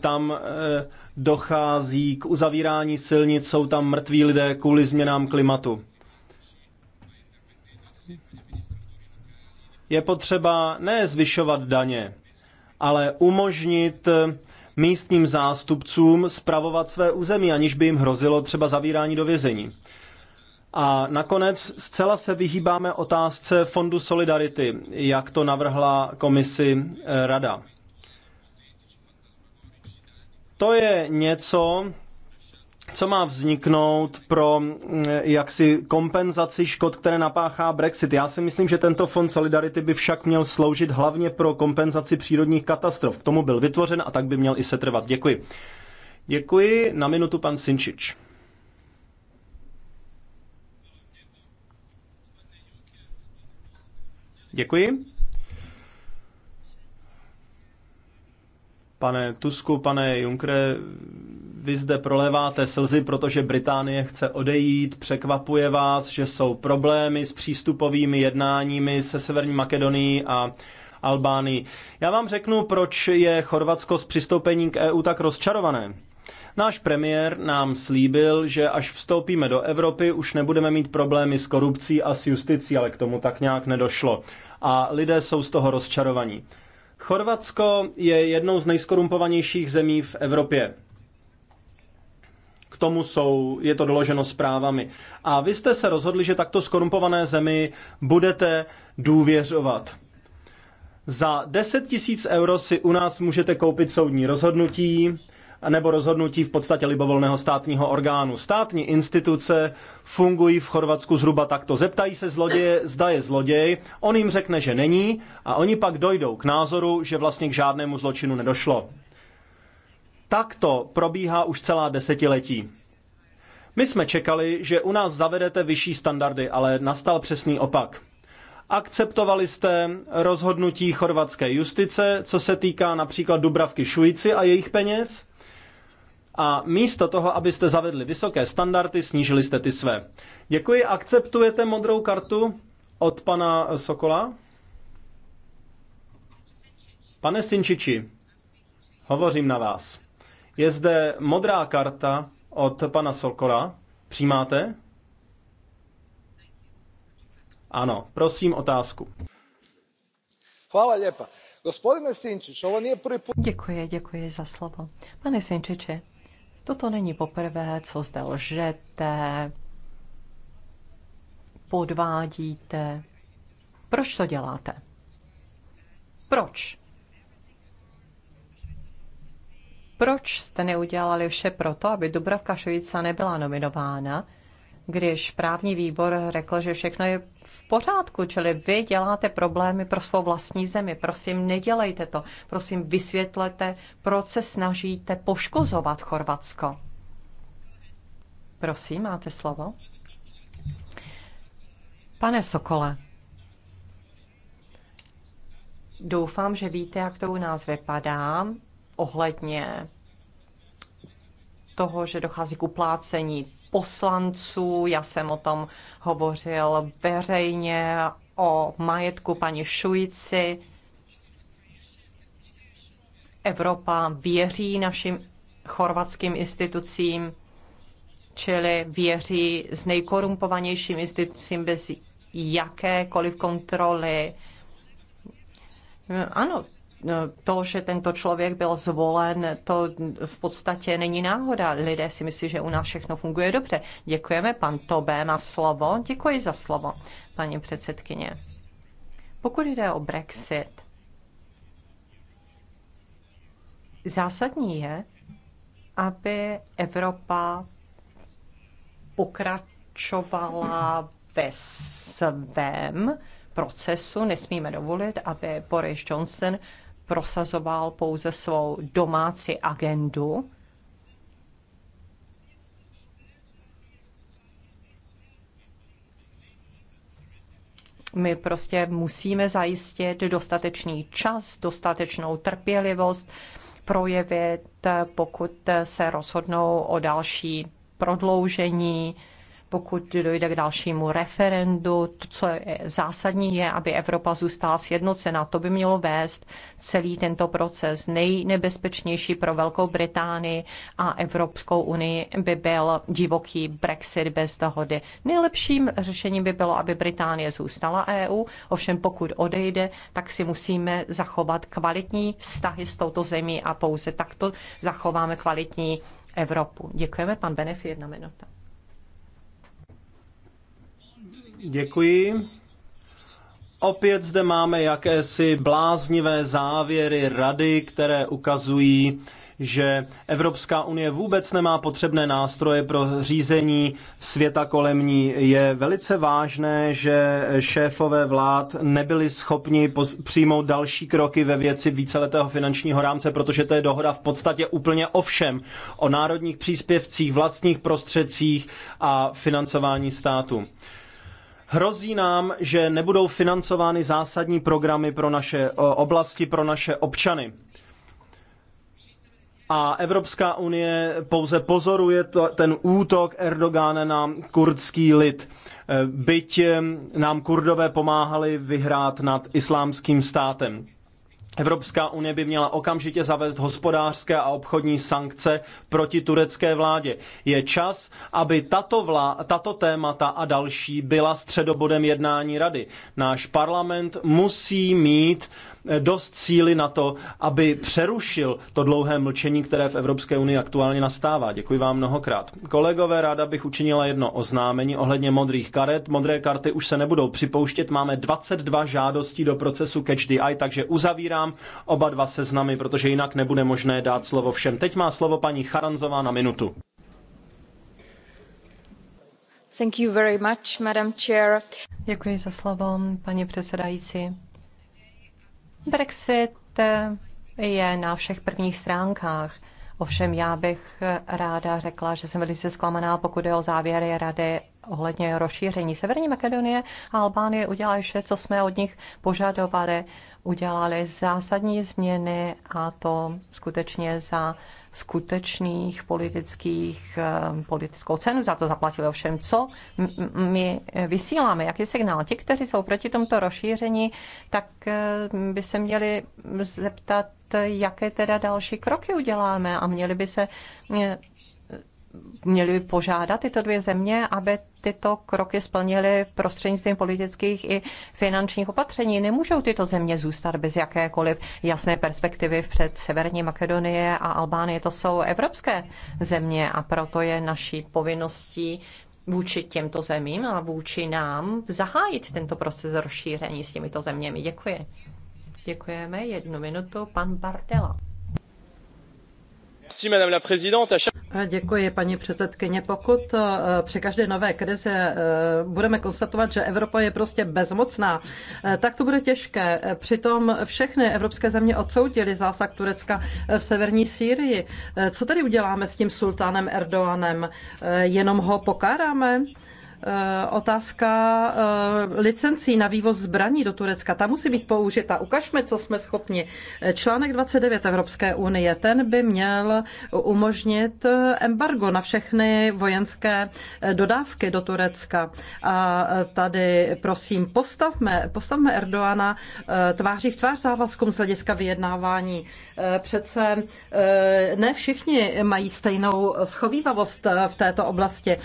Speaker 2: tam eh, dochází k uzavírání silnic, jsou tam mrtví lidé kvůli změnám klimatu. Je potřeba ne zvyšovat daně, ale umožnit místním zástupcům spravovat své území, aniž by jim hrozilo třeba zavírání do vězení. A nakonec zcela se vyhýbáme otázce Fondu Solidarity, jak to navrhla komisi eh, Rada. To je něco, co má vzniknout pro mm, jaksi kompenzaci škod, které napáchá Brexit. Já si myslím, že tento fond Solidarity by však měl sloužit hlavně pro kompenzaci přírodních katastrof. K tomu byl vytvořen a tak by měl i setrvat. Děkuji. Děkuji. Na minutu pan Sinčič. Děkuji. Pane Tusku, pane Junkre, vy zde proleváte slzy, protože Británie chce odejít, překvapuje vás, že jsou problémy s přístupovými jednáními se Severní Makedonií a Albánii. Já vám řeknu, proč je Chorvatsko s přistoupením k EU tak rozčarované. Náš premiér nám slíbil, že až vstoupíme do Evropy, už nebudeme mít problémy s korupcí a s justicí, ale k tomu tak nějak nedošlo. A lidé jsou z toho rozčarovaní. Chorvatsko je jednou z nejskorumpovanějších zemí v Evropě tomu jsou, je to doloženo zprávami. A vy jste se rozhodli, že takto skorumpované zemi budete důvěřovat. Za 10 tisíc euro si u nás můžete koupit soudní rozhodnutí, nebo rozhodnutí v podstatě libovolného státního orgánu. Státní instituce fungují v Chorvatsku zhruba takto. Zeptají se zloděje, zda je zloděj, on jim řekne, že není a oni pak dojdou k názoru, že vlastně k žádnému zločinu nedošlo. Tak to probíhá už celá desetiletí. My jsme čekali, že u nás zavedete vyšší standardy, ale nastal přesný opak. Akceptovali jste rozhodnutí chorvatské justice, co se týká například Dubravky Šujici a jejich peněz? A místo toho, abyste zavedli vysoké standardy, snížili jste ty své. Děkuji. Akceptujete modrou kartu od pana Sokola? Pane Sinčiči, hovořím na vás. Je zde modrá karta od pana Solkola. Přijímáte? Ano, prosím otázku.
Speaker 1: Hvala lepa. Gospodine ovo nije prvi put... Děkuji, děkuji za slovo. Pane Sinčiče, toto není poprvé, co zde lžete, podvádíte. Proč to děláte? Proč? Proč jste neudělali vše proto, aby Dubravka Šojica nebyla nominována, když právní výbor řekl, že všechno je v pořádku, čili vy děláte problémy pro svou vlastní zemi. Prosím, nedělejte to. Prosím, vysvětlete, proč se snažíte poškozovat Chorvatsko. Prosím, máte slovo. Pane Sokole, doufám, že víte, jak to u nás vypadá ohledně toho, že dochází k uplácení poslanců. Já jsem o tom hovořil veřejně o majetku paní Šujici. Evropa věří našim chorvatským institucím, čili věří s nejkorumpovanějším institucím bez jakékoliv kontroly. Ano, to, že tento člověk byl zvolen, to v podstatě není náhoda. Lidé si myslí, že u nás všechno funguje dobře. Děkujeme, pan Tobé má slovo. Děkuji za slovo, paní předsedkyně. Pokud jde o Brexit, zásadní je, aby Evropa pokračovala ve svém procesu. Nesmíme dovolit, aby Boris Johnson prosazoval pouze svou domácí agendu, my prostě musíme zajistit dostatečný čas, dostatečnou trpělivost, projevit, pokud se rozhodnou o další prodloužení pokud dojde k dalšímu referendu. To, co je zásadní, je, aby Evropa zůstala sjednocena. To by mělo vést celý tento proces. Nejnebezpečnější pro Velkou Británii a Evropskou unii by byl divoký Brexit bez dohody. Nejlepším řešením by bylo, aby Británie zůstala EU, ovšem pokud odejde, tak si musíme zachovat kvalitní vztahy s touto zemí a pouze takto zachováme kvalitní Evropu. Děkujeme, pan Benef, jedna minuta.
Speaker 2: Děkuji. Opět zde máme jakési bláznivé závěry rady, které ukazují, že Evropská unie vůbec nemá potřebné nástroje pro řízení světa kolem ní. Je velice vážné, že šéfové vlád nebyli schopni přijmout další kroky ve věci víceletého finančního rámce, protože to je dohoda v podstatě úplně o všem. O národních příspěvcích, vlastních prostředcích a financování státu. Hrozí nám, že nebudou financovány zásadní programy pro naše oblasti, pro naše občany. A Evropská unie pouze pozoruje to, ten útok Erdogána na kurdský lid. E, byť e, nám kurdové pomáhali vyhrát nad islámským státem. Evropská unie by měla okamžitě zavést hospodářské a obchodní sankce proti turecké vládě. Je čas, aby tato, vlá, tato témata a další byla středobodem jednání rady. Náš parlament musí mít dost síly na to, aby přerušil to dlouhé mlčení, které v Evropské unii aktuálně nastává. Děkuji vám mnohokrát. Kolegové, ráda bych učinila jedno oznámení ohledně modrých karet. Modré karty už se nebudou připouštět. Máme 22 žádostí do procesu Catch the Eye, takže uzavírám oba dva seznamy, protože jinak nebude možné dát slovo všem. Teď má slovo paní Charanzová na minutu.
Speaker 1: Thank you very much, Madam Chair. Děkuji za slovo, paní předsedající Brexit je na všech prvních stránkách. Ovšem já bych ráda řekla, že jsem velice zklamaná, pokud je o závěry rady ohledně rozšíření Severní Makedonie a Albánie udělali vše, co jsme od nich požadovali. Udělali zásadní změny a to skutečně za skutečných politických, eh, politickou cenu za to zaplatili. Ovšem, co my vysíláme, jaký signál? Ti, kteří jsou proti tomto rozšíření, tak eh, by se měli zeptat, jaké teda další kroky uděláme a měli by se eh, měli požádat tyto dvě země, aby tyto kroky splnily prostřednictvím politických i finančních opatření. Nemůžou tyto země zůstat bez jakékoliv jasné perspektivy před Severní Makedonie a Albánie. To jsou evropské země a proto je naší povinností vůči těmto zemím a vůči nám zahájit tento proces rozšíření s těmito zeměmi. Děkuji. Děkujeme. Jednu minutu. Pan Bardela.
Speaker 2: Merci, madame la présidente.
Speaker 1: Eh, děkuji, paní předsedkyně. Pokud
Speaker 3: eh, při každé nové krizi eh, budeme konstatovat, že Evropa je prostě bezmocná, tak to bude těžké. Přitom všechny evropské země odsoudily zásah Turecka v severní Sýrii. Co tady uděláme s tím sultánem Erdoganem? Jenom ho pokáráme? Eh, otázka eh, licencí na vývoz zbraní do Turecka, ta musí být použita. Ukažme, co jsme schopni. Článek 29 Evropské unie, ten by měl umožnit embargo na všechny vojenské eh, dodávky do Turecka. A tady, prosím, postavme, postavme Erdoana tváří v tvář závazkům z hlediska vyjednávání. Přece ne všichni mají stejnou schovývavost v této oblasti.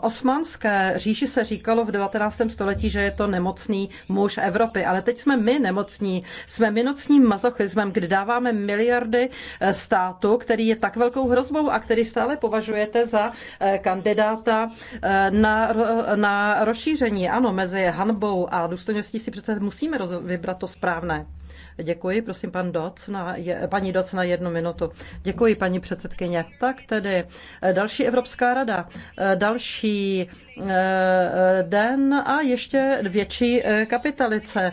Speaker 3: Osman Osmanské říši se říkalo v 19. století, že je to nemocný muž Evropy, ale teď jsme my nemocní, jsme my nocním mazochismem, kdy dáváme miliardy eh, státu, který je tak velkou hrozbou a který stále považujete za eh, kandidáta eh, na, na rozšíření. Ano, mezi hanbou a důstojností si přece musíme vybrat to správné. Děkuji, prosím, pan Doc na, je, paní Doc na jednu minutu. Děkuji, paní předsedkyně. Tak tedy eh, další Evropská rada, eh, další eh, den a ještě větší kapitalice.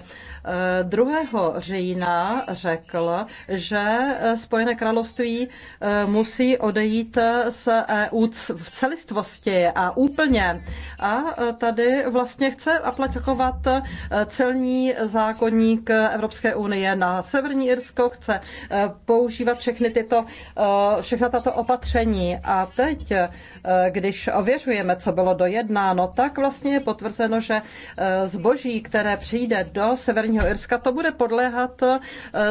Speaker 3: 2. Eh, října řekl, že eh, Spojené království eh, musí odejít z EU v celistvosti a úplně. A tady vlastně chce aplikovat celní zákonník Evropské unie na Severní Irsko, chce používat všechny tyto, všechna tato opatření. A teď Eh, když ověřujeme, co bylo dojednáno, tak vlastně je potvrzeno, že eh, zboží, které přijde do Severního Irska, to bude podléhat eh,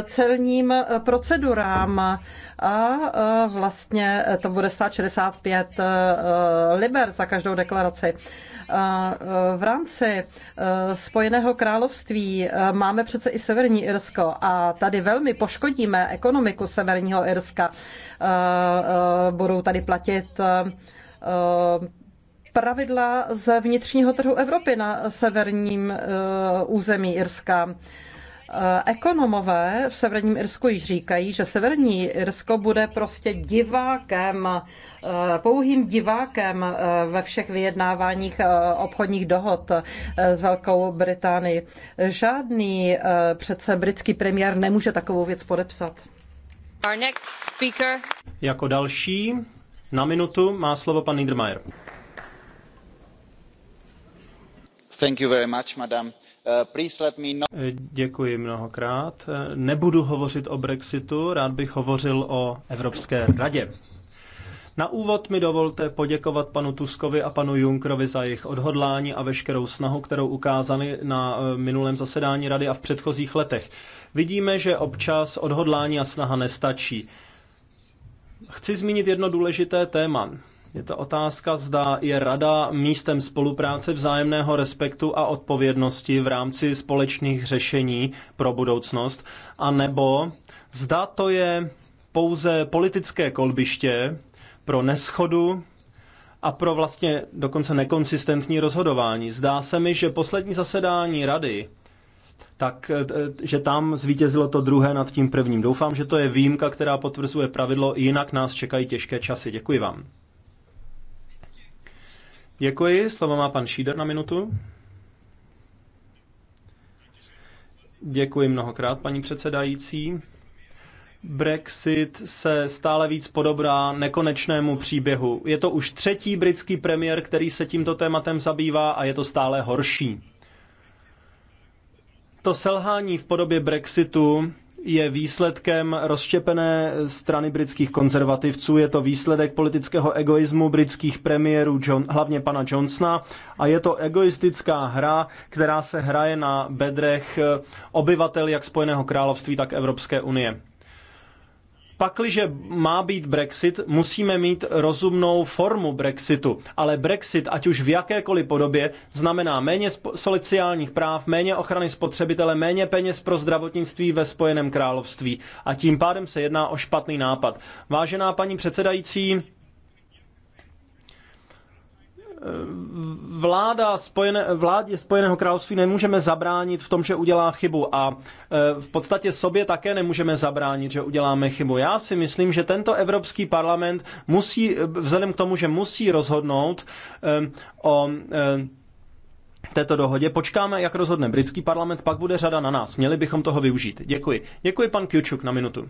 Speaker 3: celním procedurám a vlastně to bude stát 65 liber za každou deklaraci. V rámci Spojeného království máme přece i Severní Irsko a tady velmi poškodíme ekonomiku Severního Irska. Budou tady platit Eh, pravidla ze vnitřního trhu Evropy na severním eh, území Irska. Eh, ekonomové v Severním Irsku již říkají, že Severní Irsko bude prostě divákem, pouhým divákem ve všech vyjednáváních obchodních dohod s Velkou Británií. Žádný přece britský premiér nemůže takovou věc podepsat.
Speaker 1: Our next speaker.
Speaker 2: Jako další na minutu má slovo pan Niedermayer. Thank you very much, madam. Uh, eh, děkuji mnohokrát. Eh, nebudu hovořit o Brexitu, rád bych hovořil o Evropské radě. Na úvod mi dovolte poděkovat panu Tuskovi a panu Junkrovi za jejich odhodlání a veškerou snahu, kterou ukázali na eh, minulém zasedání rady a v předchozích letech. Vidíme, že občas odhodlání a snaha nestačí. Chci zmínit jedno důležité téma. Je to otázka, zda je rada místem spolupráce, vzájemného respektu a odpovědnosti v rámci společných řešení pro budoucnost, anebo zda to je pouze politické kolbiště pro neschodu a pro vlastně dokonce nekonsistentní rozhodování. Zdá se mi, že poslední zasedání rady tak e, že tam zvítězilo to druhé nad tím prvním. Doufám, že to je výjimka, která potvrzuje pravidlo, jinak nás čekají těžké časy. Děkuji vám. Děkuji, slovo má pan Šíder na minutu. Děkuji mnohokrát, paní předsedající. Brexit se stále víc podobá nekonečnému příběhu. Je to už třetí britský premiér, který se tímto tématem zabývá a je to stále horší. To selhání v podobě Brexitu je výsledkem rozštěpené strany britských konzervativců, je to výsledek politického egoismu britských premiérů, John, hlavně pana Johnsona, a je to egoistická hra, která se hraje na bedrech obyvatel jak Spojeného království, tak Evropské unie. Pakliže má být Brexit, musíme mít rozumnou formu Brexitu. Ale Brexit, ať už v jakékoliv podobě, znamená méně sociálních práv, méně ochrany spotřebitele, méně peněz pro zdravotnictví ve Spojeném království. A tím pádem se jedná o špatný nápad. Vážená paní předsedající, vláda spojené, vládě Spojeného království nemůžeme zabránit v tom, že udělá chybu a e, v podstatě sobě také nemůžeme zabránit, že uděláme chybu. Já si myslím, že tento Evropský parlament musí, vzhledem k tomu, že musí rozhodnout e, o e, této dohodě. Počkáme, jak rozhodne britský parlament, pak bude řada na nás. Měli bychom toho využít. Děkuji. Děkuji pan Kjučuk na minutu.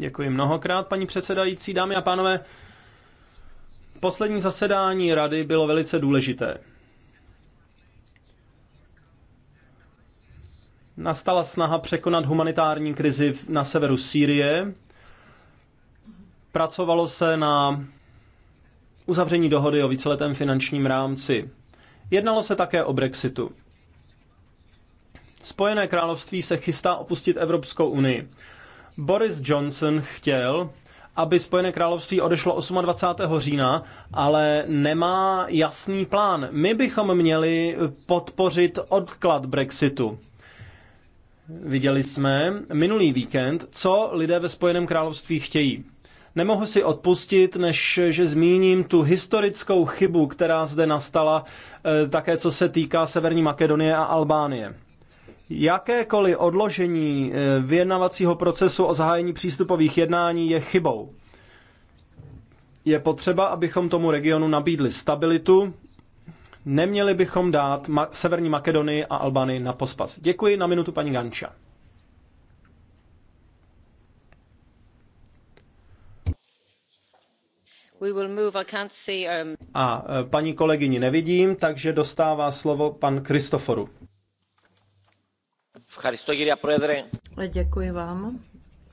Speaker 2: Děkuji mnohokrát, paní předsedající, dámy a pánové. Poslední zasedání rady bylo velice důležité. Nastala snaha překonat humanitární krizi na severu Sýrie. Pracovalo se na uzavření dohody o víceletém finančním rámci. Jednalo se také o Brexitu. Spojené království se chystá opustit Evropskou unii. Boris Johnson chtěl, aby Spojené království odešlo 28. října, ale nemá jasný plán. My bychom měli podpořit odklad Brexitu. Viděli jsme minulý víkend, co lidé ve Spojeném království chtějí. Nemohu si odpustit, než že zmíním tu historickou chybu, která zde nastala, eh, také co se týká Severní Makedonie a Albánie. Jakékoliv odložení eh, vyjednavacího procesu o zahájení přístupových jednání je chybou. Je potřeba, abychom tomu regionu nabídli stabilitu, neměli bychom dát Ma- Severní Makedonii a Albánii na pospas. Děkuji na minutu paní Ganča.
Speaker 1: Move, see, um...
Speaker 2: A eh, paní kolegyni nevidím, takže dostává slovo pan Kristoforu.
Speaker 3: Děkuji vám,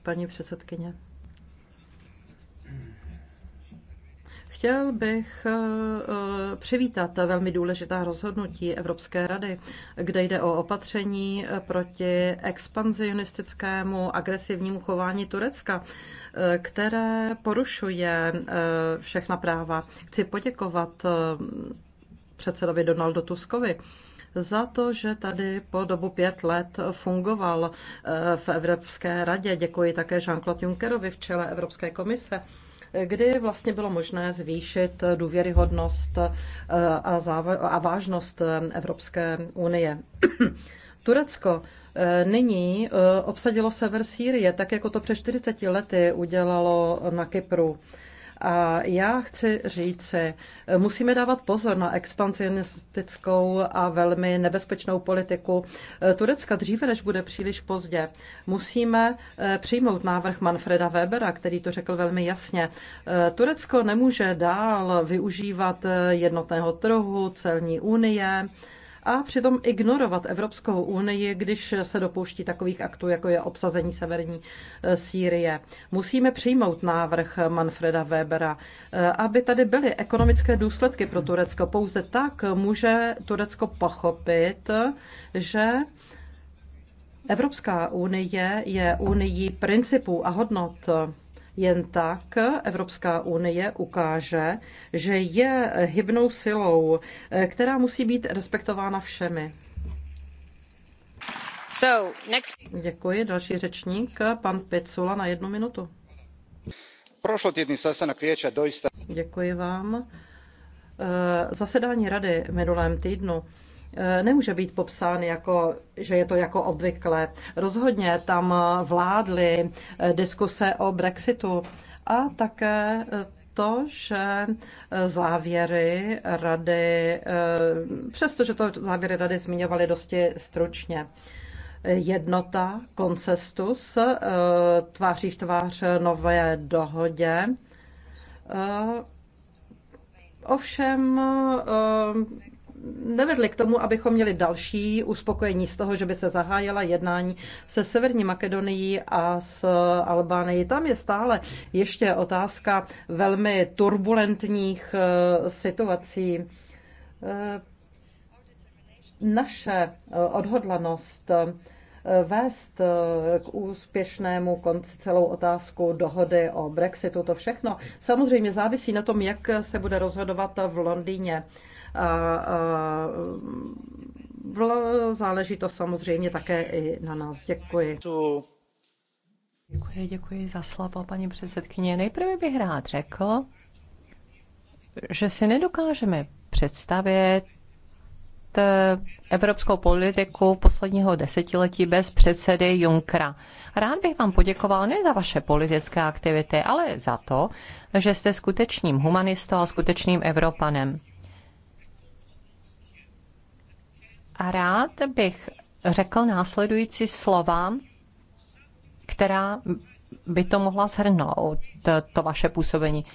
Speaker 3: paní předsedkyně. Chtěl bych eh, eh, přivítat velmi důležitá rozhodnutí Evropské rady, kde jde o opatření eh, proti expanzionistickému agresivnímu chování Turecka, které porušuje všechna práva. Chci poděkovat předsedovi Donaldu Tuskovi za to, že tady po dobu pět let fungoval eh, v Evropské radě. Děkuji také Jean-Claude Junckerovi v čele Evropské komise kdy vlastně bylo možné zvýšit důvěryhodnost eh, a, a vážnost Evropské unie. <clears throat> Turecko eh, nyní obsadilo sever Sýrie, tak jako to před 40 lety udělalo na Kypru. A já chci říct, musíme dávat pozor na expansionistickou a velmi nebezpečnou politiku eh, Turecka dříve, než bude příliš pozdě. Musíme eh, přijmout návrh Manfreda Webera, který to řekl velmi jasně. Eh, Turecko nemůže dál využívat jednotného trhu, celní unie, a přitom ignorovat Evropskou unii, když se dopouští takových aktů, jako je obsazení severní eh, Sýrie. Musíme přijmout návrh Manfreda Webera, eh, aby tady byly ekonomické důsledky pro Turecko. Pouze tak může Turecko pochopit, že Evropská unie je unii principů a hodnot jen tak Evropská unie ukáže, že je hybnou silou, která musí být respektována všemi.
Speaker 1: So, next...
Speaker 3: Děkuji. Další řečník, pan Picula na jednu minutu. Prošlo se na věča dojste. Děkuji vám. Eh, zasedání rady minulém týdnu nemůže být popsán jako, že je to jako obvykle. Rozhodně tam vládly diskuse o Brexitu a také to, že závěry rady, přestože to závěry rady zmiňovaly dosti stručně, jednota, koncestus, tváří v tvář nové dohodě. Ovšem nevedly k tomu, abychom měli další uspokojení z toho, že by se zahájila jednání se Severní Makedonií a s Albánií. Tam je stále ještě otázka velmi turbulentních eh, situací. Eh, naše eh, odhodlanost vést eh, k úspěšnému konci celou otázku dohody o Brexitu. To všechno samozřejmě závisí na tom, jak se bude rozhodovat v Londýně. Záleží to samozřejmě také i na nás. Děkuji. Děkuji,
Speaker 1: děkuji za slovo, paní předsedkyně. Nejprve bych rád řekl, že si nedokážeme představit evropskou politiku posledního desetiletí bez předsedy Junckera. Rád bych vám poděkoval ne za vaše politické aktivity, ale za to, že jste skutečným humanistou a skutečným Evropanem. A rád bych řekl následující slova, která by to mohla shrnout, to, to vaše působení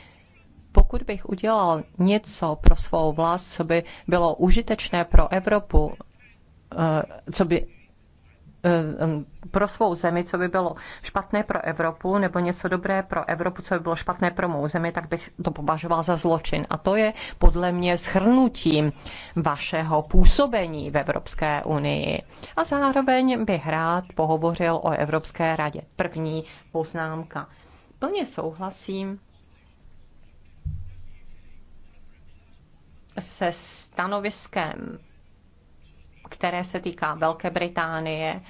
Speaker 1: pokud bych udělal něco pro svou vlast, co by bylo užitečné pro Evropu, eh, co by eh, pro svou zemi, co by bylo špatné pro Evropu, nebo něco dobré pro Evropu, co by bylo špatné pro mou zemi, tak bych to považoval za zločin. A to je podle mě shrnutím vašeho působení v Evropské unii. A zároveň bych rád pohovořil o Evropské radě. První poznámka. Plně souhlasím se stanoviskem, které se týká Velké Británie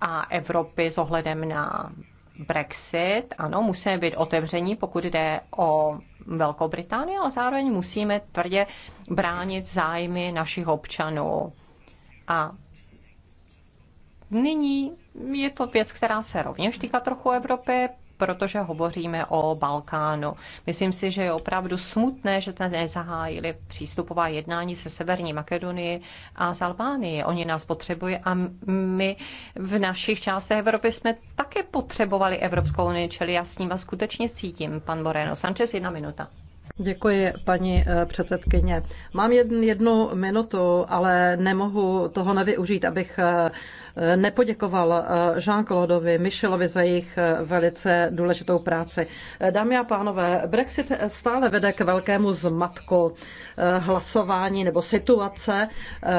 Speaker 1: a Evropy s ohledem na Brexit. Ano, musíme být otevření, pokud jde o Velkou Británii, ale zároveň musíme tvrdě bránit zájmy našich občanů. A nyní je to věc, která se rovněž týká trochu Evropy, protože hovoříme o Balkánu. Myslím si, že je opravdu smutné, že tam nezahájili přístupová jednání se Severní Makedonii a z Albánii. Oni nás potřebují a my v našich částech Evropy jsme také potřebovali Evropskou unii, čili já s ním vás skutečně cítím, pan Moreno. Sanchez, jedna minuta.
Speaker 3: Děkuji, paní eh, předsedkyně. Mám jednu minutu, ale nemohu toho nevyužít, abych eh, nepoděkoval eh, Jean-Claudeovi Michelovi za jejich velice důležitou práci. Dámy a pánové, Brexit stále vede k velkému zmatku hlasování nebo situace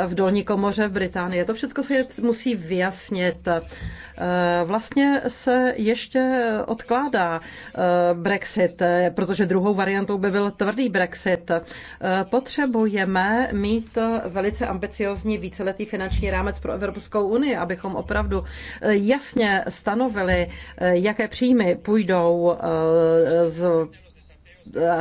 Speaker 3: v dolní komoře v Británii. To všechno se musí vyjasnit. Eh, vlastně se ještě odkládá eh, Brexit, eh, protože druhou variantou by byl tvrdý Brexit. Potřebujeme mít velice ambiciozní víceletý finanční rámec pro Evropskou unii, abychom opravdu jasně stanovili, jaké příjmy půjdou z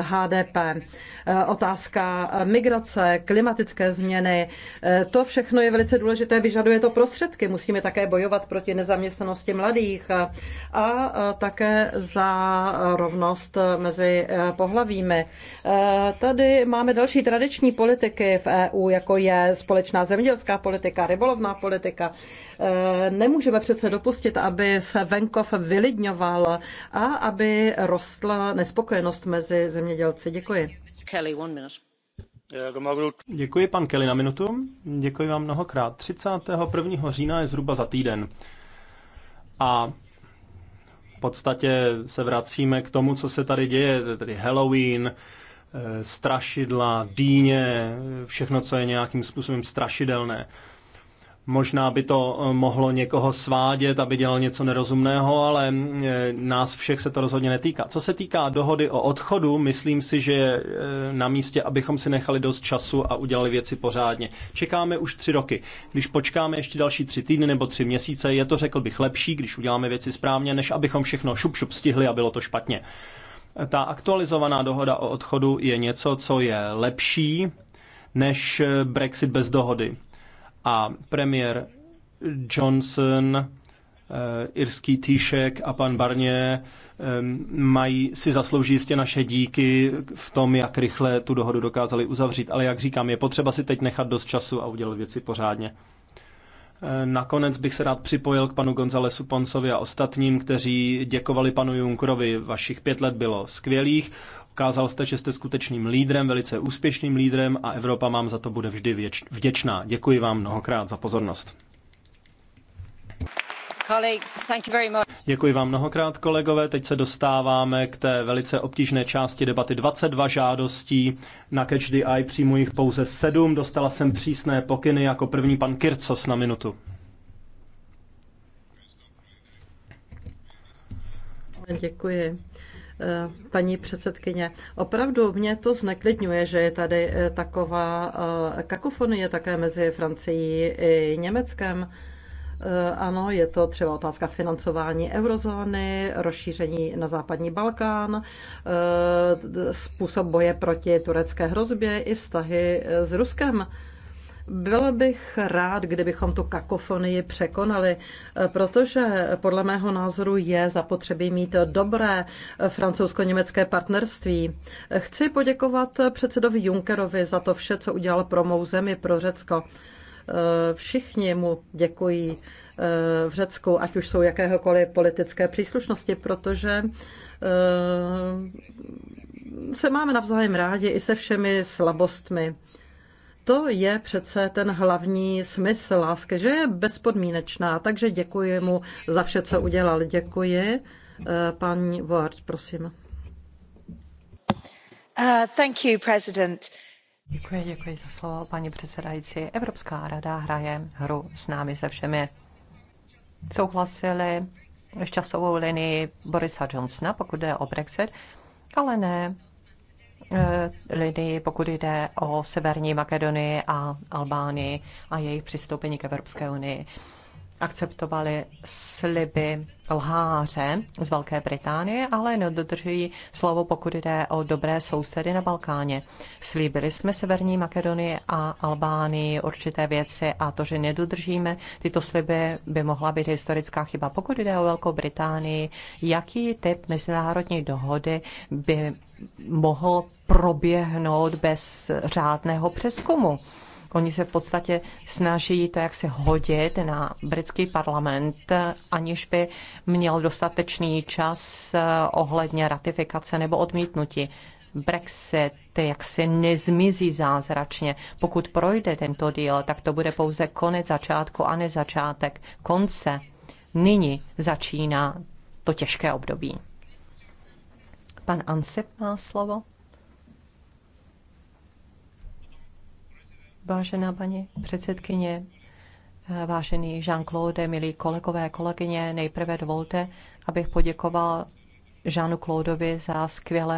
Speaker 3: HDP, eh, otázka migrace, klimatické změny. Eh, to všechno je velice důležité, vyžaduje to prostředky. Musíme také bojovat proti nezaměstnanosti mladých eh, a také za rovnost mezi pohlavími. Tady máme další tradiční politiky v EU, jako je společná zemědělská politika, rybolovná politika. Nemůžeme přece dopustit, aby se venkov vylidňoval a aby rostla nespokojenost mezi mezi zemědělci. Děkuji.
Speaker 2: Děkuji, pan Kelly, na minutu. Děkuji vám mnohokrát. 31. října je zhruba za týden. A v podstatě se vracíme k tomu, co se tady děje, tedy Halloween, eh, strašidla, dýně, všechno, co je nějakým způsobem strašidelné. Možná by to eh, mohlo někoho svádět, aby dělal něco nerozumného, ale eh, nás všech se to rozhodně netýká. Co se týká dohody o odchodu, myslím si, že je eh, na místě, abychom si nechali dost času a udělali věci pořádně. Čekáme už tři roky. Když počkáme ještě další tři týdny nebo tři měsíce, je to, řekl bych, lepší, když uděláme věci správně, než abychom všechno šup, šup stihli a bylo to špatně. Ta aktualizovaná dohoda o odchodu je něco, co je lepší než Brexit bez dohody a premiér Johnson, eh, irský Týšek a pan Barnier eh, mají, si zaslouží jistě naše díky v tom, jak rychle tu dohodu dokázali uzavřít. Ale jak říkám, je potřeba si teď nechat dost času a udělat věci pořádně. Eh, nakonec bych se rád připojil k panu Gonzalesu Poncovi a ostatním, kteří děkovali panu Junkrovi. Vašich pět let bylo skvělých. Ukázal jste, že jste skutečným lídrem, velice úspěšným lídrem a Evropa mám za to bude vždy vděčná. Děkuji vám mnohokrát za pozornost. Děkuji vám mnohokrát, kolegové. Teď se dostáváme k té velice obtížné části debaty. 22 žádostí na Catch the Eye, přijmu jich pouze 7. Dostala jsem přísné pokyny jako první pan Kircos na minutu.
Speaker 3: Děkuji eh, paní předsedkyně. Opravdu mě to zneklidňuje, že je tady eh, taková eh, kakofonie také mezi Francií i Německem. Eh, ano, je to třeba otázka financování eurozóny, rozšíření na západní Balkán, eh, způsob boje proti turecké hrozbě i vztahy eh, s Ruskem. Byl bych rád, kdybychom tu kakofonii překonali, protože podle mého názoru je zapotřebí mít dobré francouzsko-německé partnerství. Chci poděkovat předsedovi Junckerovi za to vše, co udělal pro mou zemi, pro Řecko. Eh, všichni mu děkují eh, v Řecku, ať už jsou jakéhokoliv politické příslušnosti, protože eh, se máme navzájem rádi i se všemi slabostmi. To je přece ten hlavní smysl lásky, že je bezpodmínečná, takže děkuji mu za vše, co udělal. Děkuji. Paní Ward, prosím. Uh,
Speaker 1: thank you, President. Děkuji, děkuji za slovo, paní předsedající. Evropská rada hraje hru s námi se všemi. Souhlasili s časovou linii Borisa Johnsona, pokud jde o Brexit, ale ne e, linii, pokud jde o Severní Makedonii a Albánii a jejich přistoupení k Evropské unii akceptovali sliby lháře z Velké Británie, ale nedodržují slovo, pokud jde o dobré sousedy na Balkáně. Slíbili jsme Severní Makedonii a Albánii určité věci a to, že nedodržíme tyto sliby, by mohla být historická chyba. Pokud jde o Velkou Británii, jaký typ mezinárodní dohody by mohl proběhnout bez řádného přeskumu? Oni se v podstatě snaží to, jak se hodit na britský parlament, aniž by měl dostatečný čas eh, ohledně ratifikace nebo odmítnutí. Brexit jak se nezmizí zázračně. Pokud projde tento díl, tak to bude pouze konec začátku a ne začátek konce. Nyní začíná to těžké období. Pan Ansip má slovo. Vážená paní předsedkyně, vážený Jean-Claude, milí kolegové, kolegyně, nejprve dovolte, abych poděkoval Žánu Claudovi za skvělé